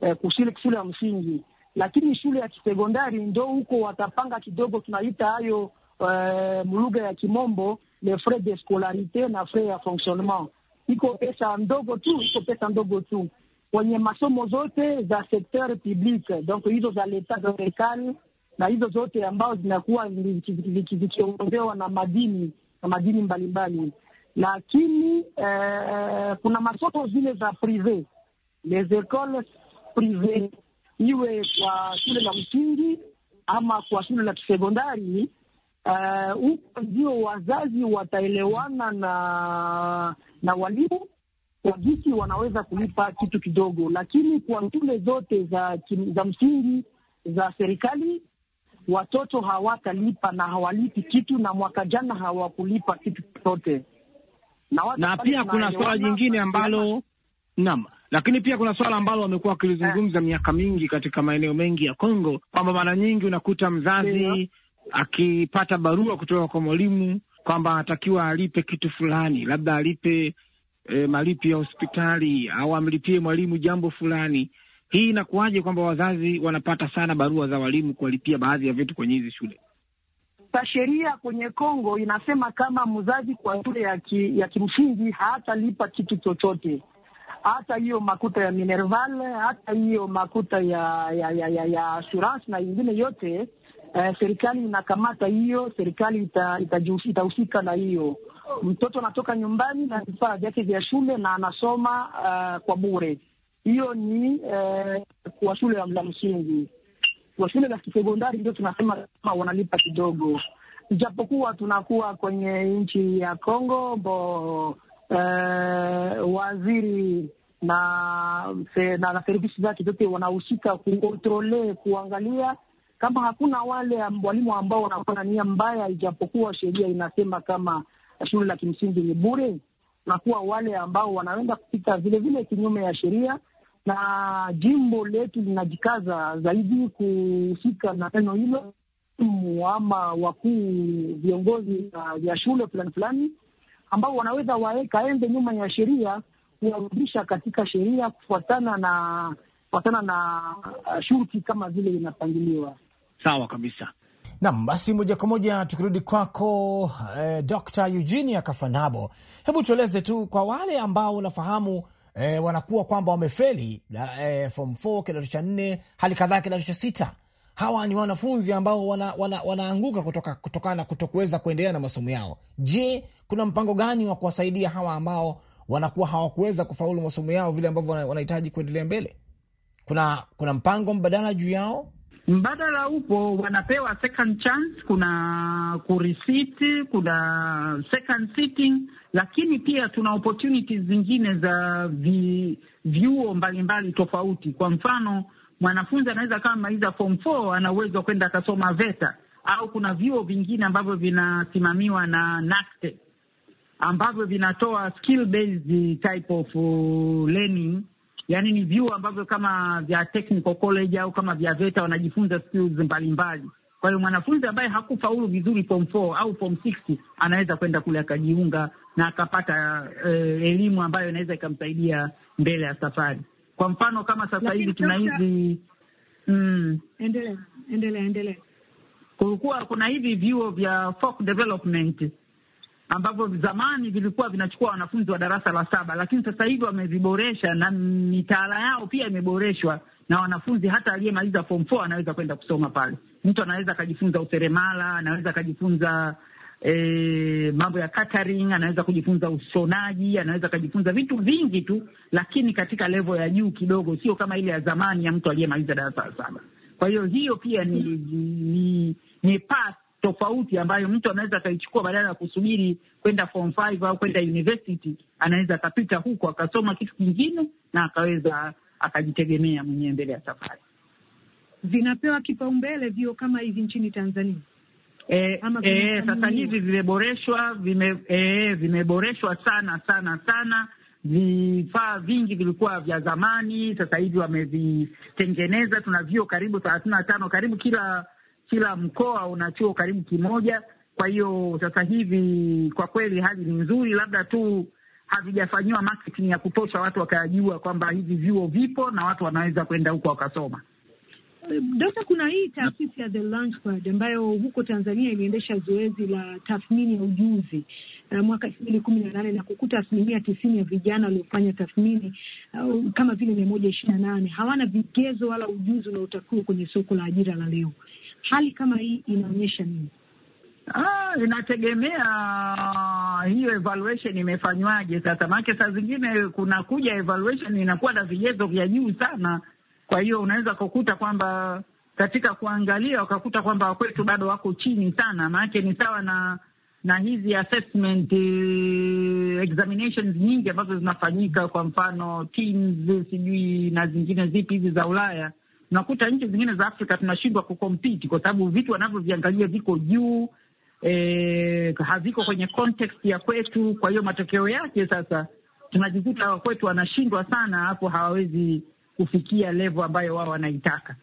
eh, kushule shule ya msingi, lakini shule ya kisekondari ndo huko watapanga kidogo, tunaita hayo Eh, mlugha ya kimombo les frais de scolarite na frais ya fonctionnement. Iko pesa ndogo tu, iko pesa ndogo tu kwenye masomo zote za secteur public, donc hizo za leta za serikali na hizo zote ambazo zinakuwa zikiongozewa na madini na madini mbalimbali, lakini eh, kuna masomo zile za prive les ecoles prive, iwe kwa shule la msingi ama kwa shule la kisekondari Uh, huko uh, ndio wazazi wataelewana na na walimu wagisi wanaweza kulipa kitu kidogo, lakini kwa shule zote za, za msingi za serikali watoto hawatalipa na hawalipi kitu, na mwaka jana hawakulipa kitu chochote. Na, na pia kuna swala jingine ambalo naam, lakini pia kuna swala ambalo wamekuwa wakilizungumza miaka mingi katika maeneo mengi ya Kongo kwamba mara nyingi unakuta mzazi Deo akipata barua kutoka kwa mwalimu kwamba anatakiwa alipe kitu fulani, labda alipe e, eh, malipi ya hospitali au amlipie mwalimu jambo fulani. Hii inakuwaje kwamba wazazi wanapata sana barua za walimu kuwalipia baadhi ya vitu kwenye hizi shule? Sa sheria kwenye Kongo inasema kama mzazi kwa shule ya, ki, ya kimsingi hatalipa kitu chochote, hata hiyo makuta ya minerval, hata hiyo makuta ya ya ya, ya, ya assurance na ingine yote eh, serikali inakamata hiyo, serikali itahusika ita, ita na hiyo mtoto anatoka nyumbani na vifaa vyake vya shule na anasoma uh, kwa bure. Hiyo ni uh, kwa shule la msingi. Kwa shule la kisekondari ndio tunasema kama wanalipa kidogo, ijapokuwa tunakuwa kwenye nchi ya Kongo bo uh, eh, waziri na na, na servisi zake zote wanahusika kukontrole, kuangalia kama hakuna wale walimu ambao wanafanya nia mbaya, ijapokuwa sheria inasema kama shule la kimsingi ni bure, na kuwa wale ambao wanaenda kupita vilevile kinyume ya sheria. Na jimbo letu linajikaza zaidi kuhusika na neno hilo, ama wakuu viongozi vya uh, shule fulani fulani ambao wanaweza waeka ende nyuma ya sheria, kuwarudisha katika sheria kufuatana na kufuatana na uh, shurti kama vile inapangiliwa. Sawa kabisa. Nam, basi moja kwa moja tukirudi kwako eh, Dr. Eugenia Kafanabo, hebu tueleze tu kwa wale ambao unafahamu eh, wanakuwa kwamba wamefeli eh, form 4 kidato cha nne, hali kadhaa kidato cha sita. Hawa ni wanafunzi ambao wana, wana, wanaanguka kutoka, kutokana na kutokuweza kuendelea na masomo yao. Je, kuna mpango gani wa kuwasaidia hawa ambao wanakuwa hawakuweza kufaulu masomo yao vile ambavyo wanahitaji kuendelea mbele? Kuna, kuna mpango mbadala juu yao? Mbadala upo, wanapewa second chance, kuna kurisiti, kuna second sitting, lakini pia tuna opportunities zingine za vi, vyuo mbalimbali tofauti. Kwa mfano mwanafunzi anaweza kama maliza form 4 ana uwezo wa kwenda akasoma VETA au kuna vyuo vingine ambavyo vinasimamiwa na NACTE ambavyo vinatoa skill based type of uh, learning yani ni vyuo ambavyo kama vya technical college au kama vya VETA wanajifunza skills mbalimbali. Kwa hiyo mwanafunzi ambaye hakufaulu vizuri form 4 au form 6 anaweza kwenda kule akajiunga na akapata uh, elimu ambayo inaweza ikamsaidia mbele ya safari. Kwa mfano kama sasa hivi tuna hizi mm. endelea endelea endelea, kulikuwa kuna hivi vyuo vya folk development ambavyo zamani vilikuwa vinachukua wanafunzi wa darasa la saba, lakini sasa hivi wameviboresha na mitaala yao pia imeboreshwa, na wanafunzi hata aliyemaliza form four anaweza kwenda kusoma pale. Mtu anaweza akajifunza useremala, anaweza akajifunza E, mambo ya catering, anaweza kujifunza ushonaji, anaweza akajifunza vitu vingi tu, lakini katika levo ya juu kidogo, sio kama ile ya zamani ya mtu aliyemaliza darasa la saba. Kwa hiyo hiyo pia ni, ni, ni path tofauti ambayo mtu anaweza akaichukua badala ya kusubiri kwenda form five au kwenda university, anaweza akapita huko akasoma kitu kingine na akaweza akajitegemea mwenyewe mbele ya safari. Vinapewa kipaumbele vio kama hivi nchini Tanzania? E, e, sasa hivi vimeboreshwa vime, e, vimeboreshwa sana sana sana. Vifaa vingi vilikuwa vya zamani, sasa hivi wamevitengeneza. Tuna vyuo karibu thelathini na tano, karibu kila kila mkoa una chuo karibu kimoja. Kwa hiyo sasa hivi kwa kweli hali ni nzuri, labda tu havijafanyiwa marketing ya kutosha, watu wakajua kwamba hivi vyuo vipo na watu wanaweza kwenda huko wakasoma. Dokta, kuna hii taasisi ya The Launchpad ambayo huko Tanzania iliendesha zoezi la tathmini ya ujuzi uh, mwaka elfu mbili kumi na nane na kukuta asilimia tisini ya vijana waliofanya tathmini uh, kama vile mia moja ishirini na nane hawana vigezo wala ujuzi unaotakiwa kwenye soko la ajira la leo hali kama hii inaonyesha nini? Ah, inategemea ah, hiyo evaluation imefanywaje sasa, maanake saa zingine kuna kuja evaluation inakuwa na vigezo vya juu sana, kwa hiyo unaweza kukuta kwamba katika kuangalia wakakuta kwamba kwetu bado wako chini sana, maanake ni sawa na na hizi assessment eh, examinations nyingi ambazo zinafanyika, kwa mfano teams sijui na zingine zipi hizi za Ulaya Unakuta nchi zingine za Afrika tunashindwa kukompiti kwa sababu vitu wanavyoviangalia viko juu e, eh, haviko kwenye context ya kwetu. Kwa hiyo matokeo yake sasa tunajikuta kwetu wanashindwa sana, hapo hawawezi kufikia level ambayo wao wanaitaka.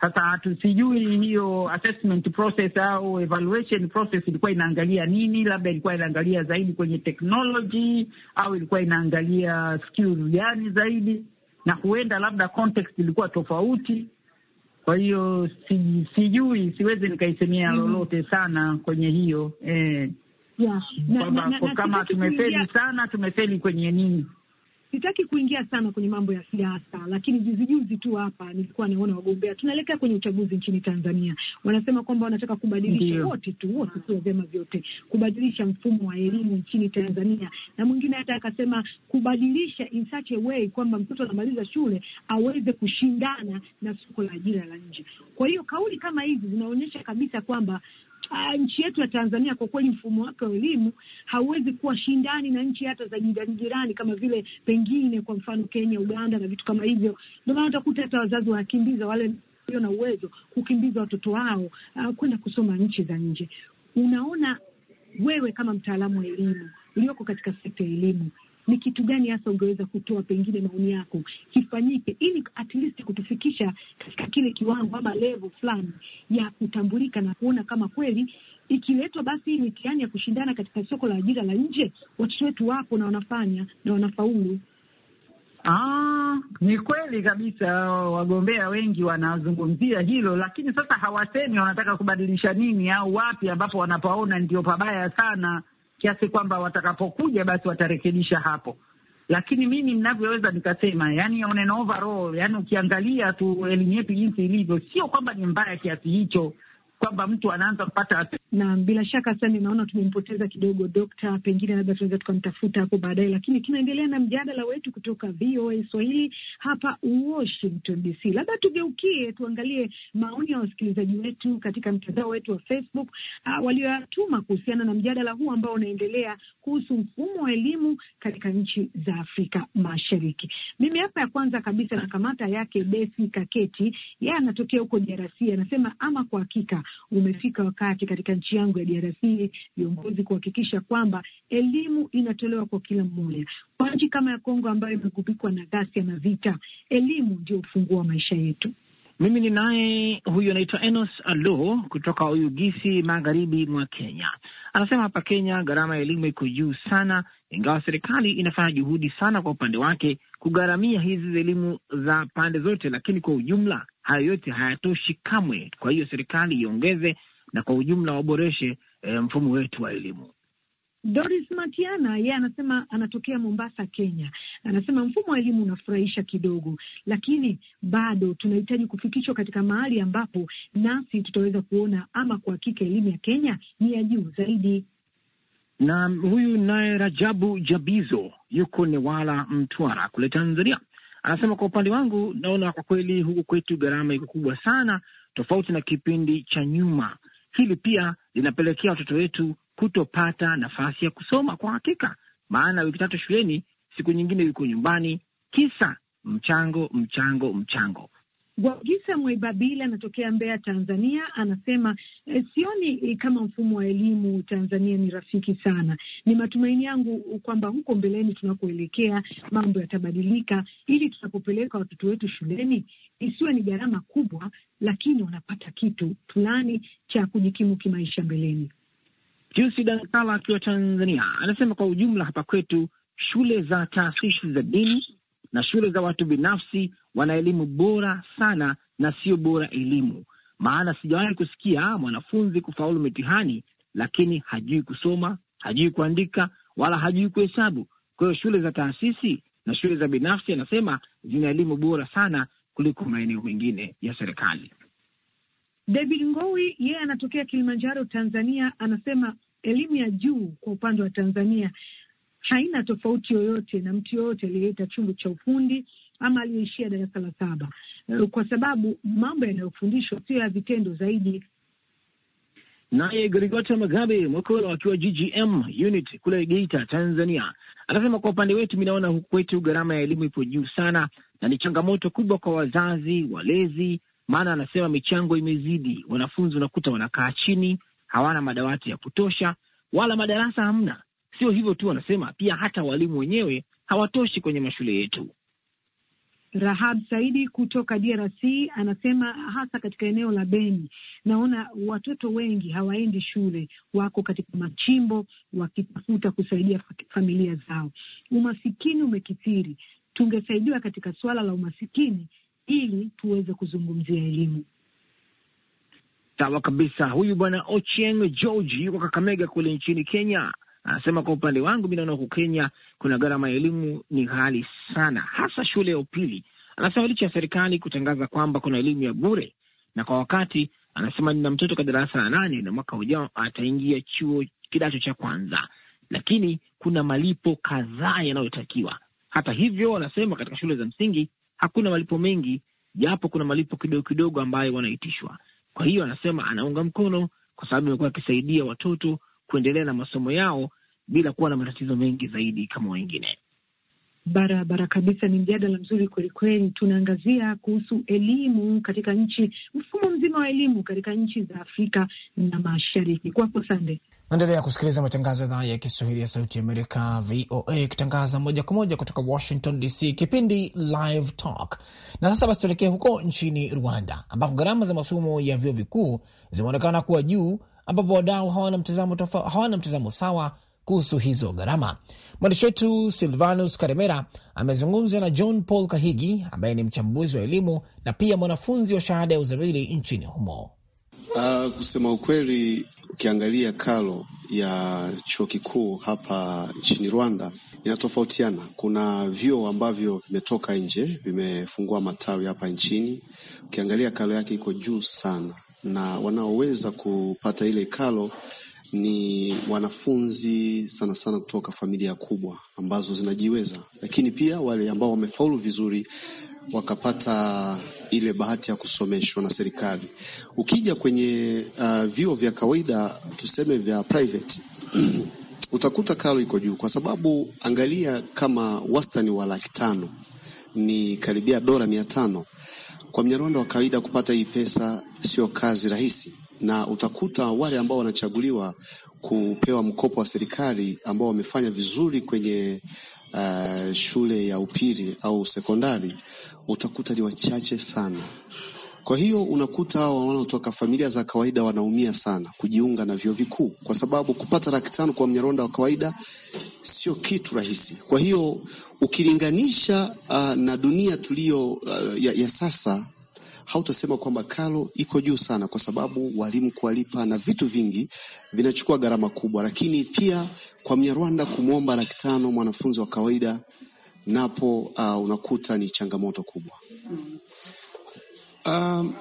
Sasa hatusijui hiyo assessment process au evaluation process ilikuwa inaangalia nini? Labda ilikuwa inaangalia zaidi kwenye technology au ilikuwa inaangalia skills gani zaidi? na huenda labda context ilikuwa tofauti. Kwa hiyo si, sijui siwezi nikaisemea mm -hmm. lolote sana kwenye hiyo eh, yeah. na, na, na, kama tumefeli sana tumefeli kwenye nini sitaki kuingia sana kwenye mambo ya siasa, lakini juzijuzi tu hapa nilikuwa naona wagombea, tunaelekea kwenye uchaguzi nchini Tanzania, wanasema kwamba wanataka kubadilisha wote tu, wote sio vyama vyote, kubadilisha mfumo wa elimu nchini Tanzania, na mwingine hata akasema kubadilisha in such a way kwamba mtoto anamaliza shule aweze kushindana na soko la ajira la nje. Kwa hiyo kauli kama hizi zinaonyesha kabisa kwamba Ah, nchi yetu ya Tanzania kwa kweli mfumo wake wa elimu hauwezi kuwa shindani na nchi hata za jirani jirani, kama vile pengine kwa mfano Kenya, Uganda na vitu kama hivyo. Ndio maana utakuta hata wazazi wanakimbiza wale walio na uwezo kukimbiza watoto wao uh, kwenda kusoma nchi za nje. Unaona wewe kama mtaalamu wa elimu ulioko katika sekta ya elimu ni kitu gani hasa ungeweza kutoa pengine maoni yako kifanyike, ili at least kutufikisha katika kile kiwango ama levo fulani ya kutambulika na kuona kama kweli ikiletwa basi hii mitihani ya kushindana katika soko la ajira la nje, watoto wetu wapo na wanafanya na wanafaulu. Ah, ni kweli kabisa, wagombea wengi wanazungumzia hilo, lakini sasa hawasemi wanataka kubadilisha nini au wapi ambapo wanapoona ndio pabaya sana kiasi kwamba watakapokuja basi watarekebisha hapo. Lakini mimi mnavyoweza nikasema, yani on an overall, yani ukiangalia tu elimu yetu jinsi ilivyo, sio kwamba ni mbaya kiasi hicho kwamba mtu anaanza kupata na bila shaka sasa ninaona tumempoteza kidogo dokta, pengine labda tunaweza tukamtafuta hapo baadaye, lakini tunaendelea na mjadala wetu kutoka VOA Swahili hapa Washington DC. Labda tugeukie tuangalie maoni ya wasikilizaji wetu katika mtandao wetu wa Facebook ah, walioyatuma kuhusiana na mjadala huu ambao unaendelea kuhusu mfumo wa elimu katika nchi za Afrika Mashariki. Mimi hapa ya kwanza kabisa na kamata yake Besi Kaketi, yeye anatokea huko DRC, anasema ama kwa hakika umefika wakati katika nchi yangu ya DRC, viongozi kuhakikisha kwamba elimu inatolewa kwa kila mmoja. Kwa nchi kama ya Kongo ambayo imegubikwa na ghasia na vita, elimu ndio ufunguo wa maisha yetu. Mimi ni naye huyu anaitwa Enos Alo kutoka Uyugisi, magharibi mwa Kenya. Anasema hapa Kenya gharama ya elimu iko juu sana, ingawa serikali inafanya juhudi sana kwa upande wake kugharamia hizi elimu za pande zote, lakini kwa ujumla hayo yote hayatoshi kamwe. Kwa hiyo serikali iongeze na kwa ujumla waboreshe e, mfumo wetu wa elimu. Doris Matiana yeye anasema anatokea Mombasa, Kenya. Anasema mfumo wa elimu unafurahisha kidogo, lakini bado tunahitaji kufikishwa katika mahali ambapo nasi tutaweza kuona ama kuhakika elimu ya Kenya ni ya juu zaidi. Na huyu naye Rajabu Jabizo yuko Newala, Mtwara kule Tanzania, anasema kwa upande wangu naona kwa kweli huku kwetu gharama iko kubwa sana, tofauti na kipindi cha nyuma hili pia linapelekea watoto wetu kutopata nafasi ya kusoma kwa hakika, maana wiki tatu shuleni, siku nyingine yuko nyumbani, kisa mchango, mchango, mchango. Bwagisa Mwaibabila anatokea Mbeya, Tanzania, anasema e, sioni eh, kama mfumo wa elimu Tanzania ni rafiki sana. Ni matumaini yangu kwamba huko mbeleni tunakoelekea mambo yatabadilika, ili tunapopeleka watoto wetu shuleni isiwe ni gharama kubwa, lakini wanapata kitu fulani cha kujikimu kimaisha mbeleni. Jusi Dankala akiwa Tanzania anasema kwa ujumla hapa kwetu shule za taasisi za dini na shule za watu binafsi wana elimu bora sana na sio bora elimu, maana sijawahi kusikia mwanafunzi kufaulu mitihani lakini hajui kusoma, hajui kuandika, wala hajui kuhesabu. Kwa hiyo shule za taasisi na shule za binafsi, anasema zina elimu bora sana kuliko maeneo mengine ya serikali. David Ngowi yeye anatokea Kilimanjaro, Tanzania, anasema elimu ya juu kwa upande wa Tanzania haina tofauti yoyote na mtu yoyote aliyeita chungu cha ufundi ama aliyeishia darasa la saba, eh, kwa sababu mambo yanayofundishwa sio ya vitendo zaidi. Naye Gorigota Magabe Mwakolo akiwa GGM unit kule Geita, Tanzania, anasema kwa upande wetu, mi naona huku kwetu gharama ya elimu ipo juu sana, na ni changamoto kubwa kwa wazazi walezi, maana anasema michango imezidi, wanafunzi unakuta wanakaa chini, hawana madawati ya kutosha wala madarasa hamna Sio hivyo tu, wanasema pia hata walimu wenyewe hawatoshi kwenye mashule yetu. Rahab Saidi kutoka DRC anasema hasa katika eneo la Beni, naona watoto wengi hawaendi shule, wako katika machimbo wakitafuta kusaidia familia zao. Umasikini umekithiri, tungesaidiwa katika suala la umasikini ili tuweze kuzungumzia elimu. Sawa kabisa. Huyu bwana Ochieng George yuko Kakamega kule nchini Kenya. Anasema kwa upande wangu mi naona huku Kenya kuna gharama ya elimu ni ghali sana, hasa shule ya upili. Anasema licha ya serikali kutangaza kwamba kuna elimu ya bure na kwa wakati, anasema nina mtoto ka darasa la nane na mwaka ujao ataingia chuo kidato cha kwanza, lakini kuna malipo kadhaa yanayotakiwa. Hata hivyo, wanasema katika shule za msingi hakuna malipo mengi, japo kuna malipo kidogo kidogo ambayo wanaitishwa. Kwa hiyo, anasema anaunga mkono kwa sababu imekuwa akisaidia watoto kuendelea na masomo yao bila kuwa na matatizo mengi zaidi kama wengine. Barabara kabisa, ni mjadala mzuri kwelikweli. Tunaangazia kuhusu elimu katika nchi, mfumo mzima wa elimu katika nchi za Afrika na Mashariki. Kwako Sande. Naendelea kusikiliza matangazo ya idhaa ya Kiswahili ya Sauti ya Amerika, VOA, ikitangaza moja kwa moja kutoka Washington DC, kipindi Live Talk. Na sasa basi tuelekee huko nchini Rwanda, ambapo gharama za masomo ya vyuo vikuu zimeonekana kuwa juu ambapo wadau hawana mtazamo tofauti, hawana mtazamo sawa kuhusu hizo gharama. Mwandishi wetu Silvanus Karemera amezungumza na John Paul Kahigi ambaye ni mchambuzi wa elimu na pia mwanafunzi wa shahada ya uzamili nchini humo. Uh, kusema ukweli, ukiangalia karo ya chuo kikuu hapa nchini Rwanda inatofautiana. Kuna vyuo ambavyo vimetoka nje, vimefungua matawi hapa nchini, ukiangalia karo yake iko juu sana na wanaoweza kupata ile kalo ni wanafunzi sana sana kutoka familia kubwa ambazo zinajiweza, lakini pia wale ambao wamefaulu vizuri wakapata ile bahati ya kusomeshwa na serikali. Ukija kwenye uh, vyuo vya kawaida tuseme vya private *clears throat* utakuta karo iko juu, kwa sababu angalia, kama wastani wa laki tano ni karibia dola mia tano kwa Mnyarwanda wa kawaida kupata hii pesa sio kazi rahisi, na utakuta wale ambao wanachaguliwa kupewa mkopo wa serikali ambao wamefanya vizuri kwenye uh, shule ya upili au sekondari utakuta ni wachache sana. Kwa hiyo unakuta hawa wanaotoka familia za kawaida wanaumia sana kujiunga na vyuo vikuu, kwa sababu kupata laki tano kwa mnyaronda wa kawaida sio kitu rahisi. Kwa hiyo ukilinganisha uh, na dunia tuliyo uh, ya, ya sasa hautasema kwamba karo iko juu sana, kwa sababu walimu kuwalipa na vitu vingi vinachukua gharama kubwa. Lakini pia kwa mnyarwanda kumwomba laki tano mwanafunzi wa kawaida napo, uh, unakuta ni changamoto kubwa mm. Um,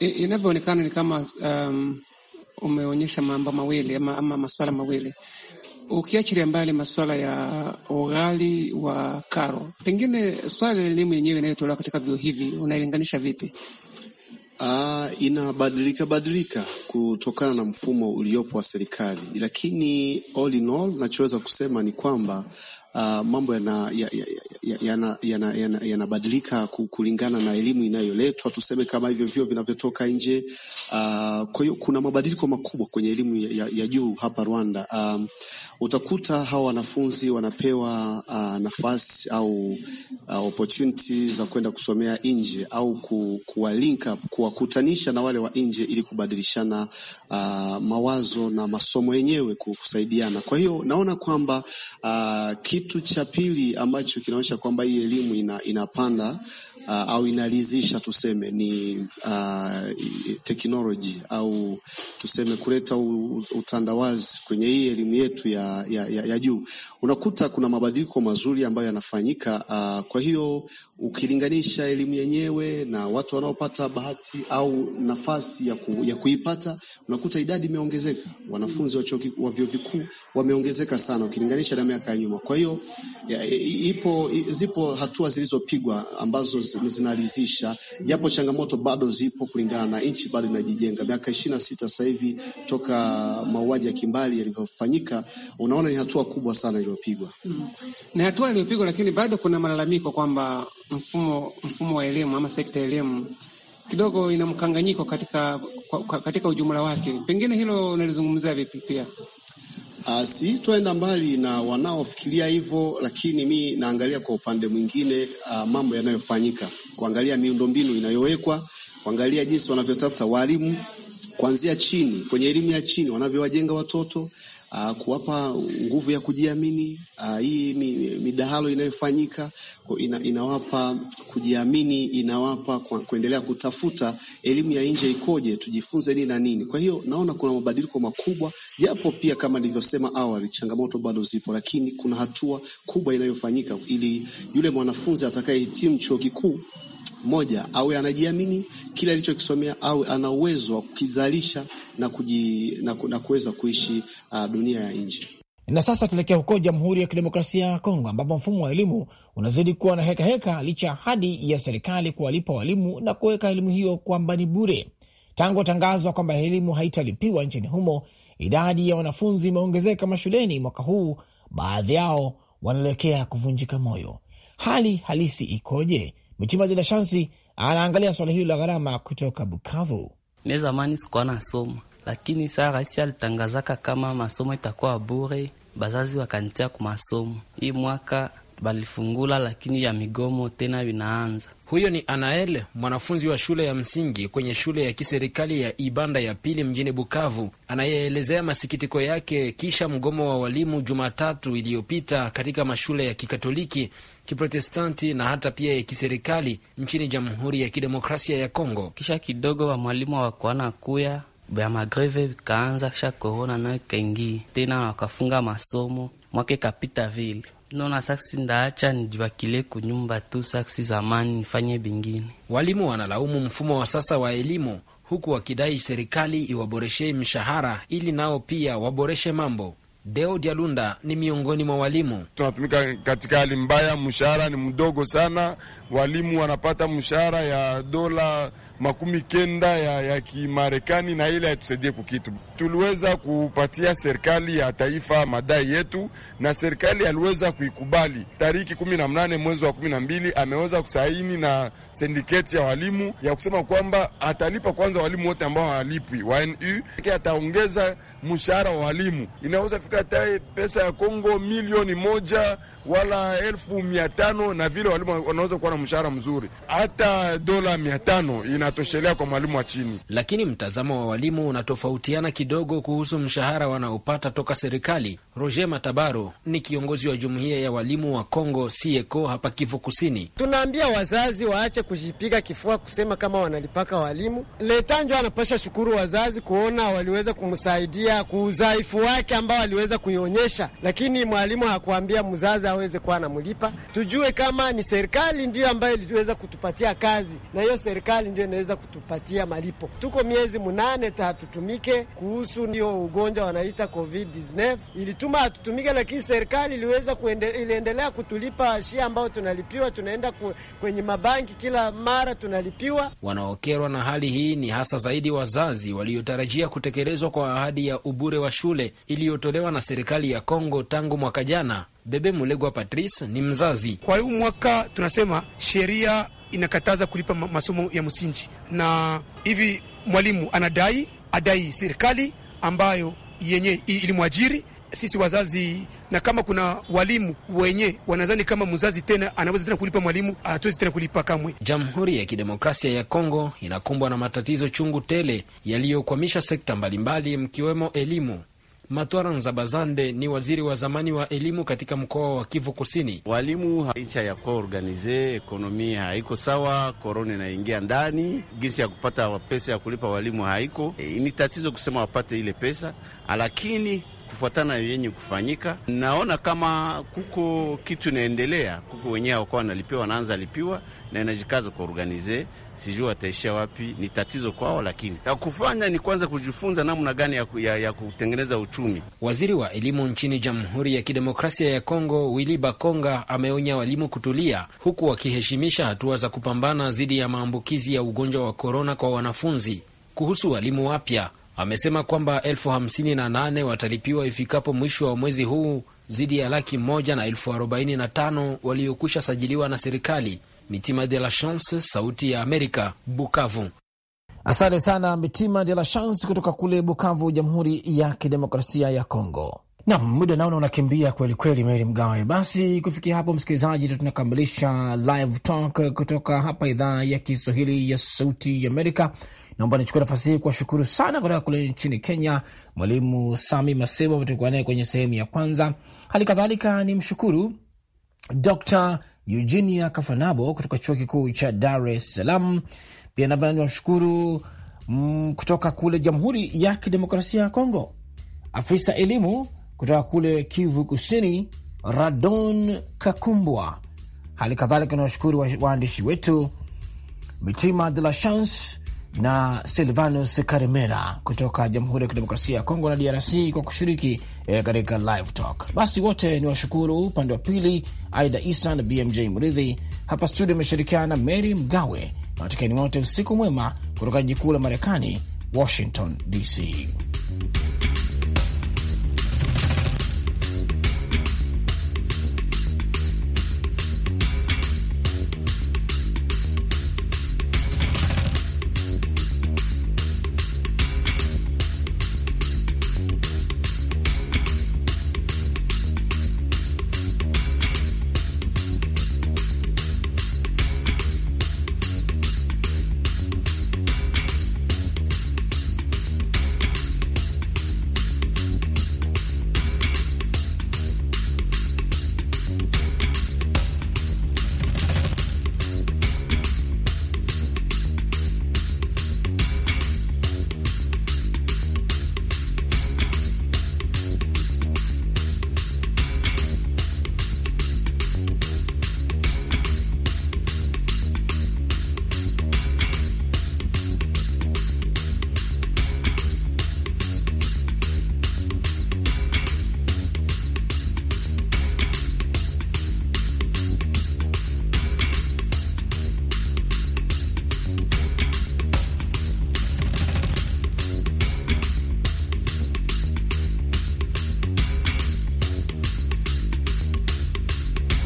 inavyoonekana ni kama um, umeonyesha mambo mawili ama, ama masuala mawili ukiachilia mbali masuala ya ughali wa karo, pengine swala la elimu yenyewe inayotolewa katika vyuo hivi unailinganisha vipi? Uh, inabadilika badilika kutokana na mfumo uliopo wa serikali, lakini all in all, nachoweza kusema ni kwamba uh, mambo yanabadilika kulingana na elimu inayoletwa, tuseme kama hivyo vyuo vinavyotoka nje. Uh, kwa hiyo kuna mabadiliko makubwa kwenye elimu ya, ya juu hapa Rwanda. Um, utakuta hawa wanafunzi wanapewa uh, nafasi au uh, za kwenda kusomea nje au ku, kuwa link up kuwakutanisha na wale wa nje ili kubadilishana uh, mawazo na masomo yenyewe kusaidiana. Kwa hiyo naona kwamba uh, kitu kitu cha pili ambacho kinaonyesha kwamba hii elimu ina, inapanda uh, au inalizisha tuseme ni uh, teknoloji au tuseme kuleta utandawazi kwenye hii elimu yetu ya, ya, ya, ya juu, unakuta kuna mabadiliko mazuri ambayo yanafanyika. Uh, kwa hiyo ukilinganisha elimu yenyewe na watu wanaopata bahati au nafasi ya, ku, ya kuipata unakuta idadi imeongezeka, wanafunzi wa vyo vyuo vikuu wameongezeka sana ukilinganisha na miaka ya nyuma. Kwa hiyo ipo zipo hatua zilizopigwa ambazo zinaridhisha, japo changamoto bado zipo kulingana na nchi bado inajijenga. Miaka ishirini na sita sasa hivi toka mauaji ya kimbali yalivyofanyika, unaona ni hatua kubwa sana iliyopigwa mm. ni hatua iliyopigwa, lakini bado kuna malalamiko kwamba mfumo mfumo wa elimu ama sekta ya elimu kidogo ina mkanganyiko katika, katika ujumla wake. Pengine hilo unalizungumzia vipi pia? Uh, ah, twaenda mbali na wanaofikiria hivyo, lakini mi naangalia kwa upande mwingine uh, mambo yanayofanyika, kuangalia miundombinu inayowekwa, kuangalia jinsi wanavyotafuta walimu kuanzia chini, kwenye elimu ya chini wanavyowajenga watoto uh, kuwapa nguvu ya kujiamini. Uh, hii midahalo inayofanyika ina, inawapa kujiamini, inawapa kuendelea kutafuta elimu ya nje ikoje, tujifunze nini na nini. Kwa hiyo naona kuna mabadiliko makubwa, japo pia kama nilivyosema awali, changamoto bado zipo, lakini kuna hatua kubwa inayofanyika ili yule mwanafunzi atakayehitimu chuo kikuu moja awe anajiamini kile alichokisomea, awe ana uwezo wa kukizalisha na, kuji, na, na kuweza kuishi uh, dunia ya nje. Na sasa tuelekea huko Jamhuri ya Kidemokrasia ya Kongo, ambapo mfumo wa elimu unazidi kuwa na hekaheka heka, licha ya ahadi ya serikali kuwalipa walimu na kuweka elimu hiyo kwamba ni bure. Tangu tangazwa kwamba elimu haitalipiwa nchini humo, idadi ya wanafunzi imeongezeka mashuleni mwaka huu, baadhi yao wanaelekea kuvunjika moyo. Hali halisi ikoje? Mitima Jila Shansi anaangalia swala hili la gharama kutoka Bukavu. Mezamani sikuwa nasoma lakini saa raisi alitangazaka kama masomo itakuwa bure, bazazi wakanitia ku masomo hii mwaka balifungula lakini ya migomo tena vinaanza. Huyo ni Anael, mwanafunzi wa shule ya msingi kwenye shule ya kiserikali ya Ibanda ya pili mjini Bukavu, anayeelezea masikitiko yake kisha mgomo wa walimu Jumatatu iliyopita katika mashule ya Kikatoliki, Kiprotestanti na hata pia ya kiserikali nchini Jamhuri ya Kidemokrasia ya Kongo. Kisha kidogo wa mwalimu hawakuana kuya ba magreve kaanza kisha korona nayo kaingia tena, wakafunga masomo mwake kapita vile. nona saksi ndaacha nijibakile kunyumba tu, saksi zamani nifanye bingine. Walimu wanalaumu mfumo wa sasa wa elimu, huku wakidai serikali iwaboreshee mshahara ili nao pia waboreshe mambo. Deo Dialunda ni miongoni mwa walimu. Tunatumika katika hali mbaya, mshahara ni mdogo sana. Walimu wanapata mshahara ya dola makumi kenda ya, ya Kimarekani na ile haitusaidie kukitu. Tuliweza kupatia serikali ya taifa madai yetu na serikali aliweza kuikubali. Tariki kumi na mnane mwezi wa kumi na mbili ameweza kusaini na sindiketi ya walimu ya kusema kwamba atalipa kwanza walimu wote ambao hawalipwi wa NU, ataongeza mshahara wa walimu inaweza fika tae pesa ya Kongo milioni moja wala elfu mia tano na vile walimu wanaweza kuwa na mshahara mzuri. Hata dola mia tano inatoshelea kwa mwalimu wa chini. Lakini mtazamo wa walimu unatofautiana kidogo kuhusu mshahara wanaopata toka serikali. Roger Matabaro ni kiongozi wa jumuiya ya walimu wa congo sieko hapa Kivu Kusini. Tunaambia wazazi waache kujipiga kifua kusema kama wanalipaka walimu. Leta njo anapasha shukuru wazazi kuona waliweza kumsaidia kuudhaifu wake ambao aliweza kuionyesha, lakini mwalimu hakuambia mzazi aweze kuwa anamlipa, tujue kama ni serikali ndio ambayo iliweza kutupatia kazi, na hiyo serikali ndio inaweza kutupatia malipo. Tuko miezi mnane hatutumike kuhusu hiyo ugonjwa wanaita COVID-19 ilituma hatutumike, lakini serikali iliweza kuendele, iliendelea kutulipa shia ambayo tunalipiwa, tunaenda kwenye mabanki kila mara tunalipiwa. Wanaokerwa na hali hii ni hasa zaidi wazazi waliotarajia kutekelezwa kwa ahadi ya ubure wa shule iliyotolewa na serikali ya Kongo tangu mwaka jana Bebe Mulegwa Patrice ni mzazi. Kwa huu mwaka tunasema sheria inakataza kulipa masomo ya msingi, na hivi mwalimu anadai adai serikali ambayo yenye ilimwajiri sisi wazazi na kama kuna walimu wenye wanazani kama mzazi tena anaweza tena kulipa mwalimu, hatuwezi tena kulipa kamwe. Jamhuri ya Kidemokrasia ya Kongo inakumbwa na matatizo chungu tele yaliyokwamisha sekta mbalimbali mkiwemo elimu. Matwara Nzabazande ni waziri wa zamani wa elimu katika mkoa wa Kivu Kusini. Walimu haicha ya kuwa organize, ekonomi haiko sawa, korona inaingia ndani, jinsi ya kupata pesa ya kulipa walimu haiko. E, ni tatizo kusema wapate ile pesa, lakini kufuatana yenye kufanyika, naona kama kuko kitu inaendelea, kuko wenyewe wakuwa wanalipiwa, wanaanza lipiwa na inajikaza kuorganize sijui wataishia wapi, ni tatizo kwao, lakini ya kufanya ni kwanza kujifunza namna gani ya, ya, ya kutengeneza uchumi. Waziri wa elimu nchini Jamhuri ya Kidemokrasia ya Kongo Willy Bakonga ameonya walimu kutulia, huku wakiheshimisha hatua za kupambana dhidi ya maambukizi ya ugonjwa wa korona kwa wanafunzi. Kuhusu walimu wapya, amesema kwamba elfu hamsini na nane watalipiwa ifikapo mwisho wa mwezi huu dhidi ya laki moja na elfu arobaini na tano waliokwisha sajiliwa na serikali. Mitima de la Chance, Sauti ya Amerika, Bukavu. Asante sana Mitima de la Chance kutoka kule Bukavu, Jamhuri ya Kidemokrasia ya Kongo. Nam, muda naona unakimbia kweli kweli, Meri Mgawe. Basi kufikia hapo, msikilizaji, tunakamilisha live talk kutoka hapa idhaa ya Kiswahili ya Sauti ya Amerika. Naomba nichukue nafasi hii kuwashukuru sana kutoka kule nchini Kenya, Mwalimu Sami Masebo, tulikuwa naye kwenye sehemu ya kwanza. Hali kadhalika ni mshukuru Dr Eugenia Kafanabo kutoka chuo kikuu cha Dar es Salaam. Pia namba niwashukuru mm, kutoka kule Jamhuri ya Kidemokrasia ya Kongo, afisa elimu kutoka kule Kivu Kusini, Radon Kakumbwa. Hali kadhalika niwashukuru waandishi wetu Mitima de la Chance na Silvanus Karimera kutoka Jamhuri ya Kidemokrasia ya Kongo na DRC kwa kushiriki eh, katika live talk. Basi wote ni washukuru upande wa pili, Aida Isa na BMJ Mridhi. Hapa studio imeshirikiana na Mary Mgawe na watikani wote, usiku mwema kutoka jikuu la Marekani, Washington DC.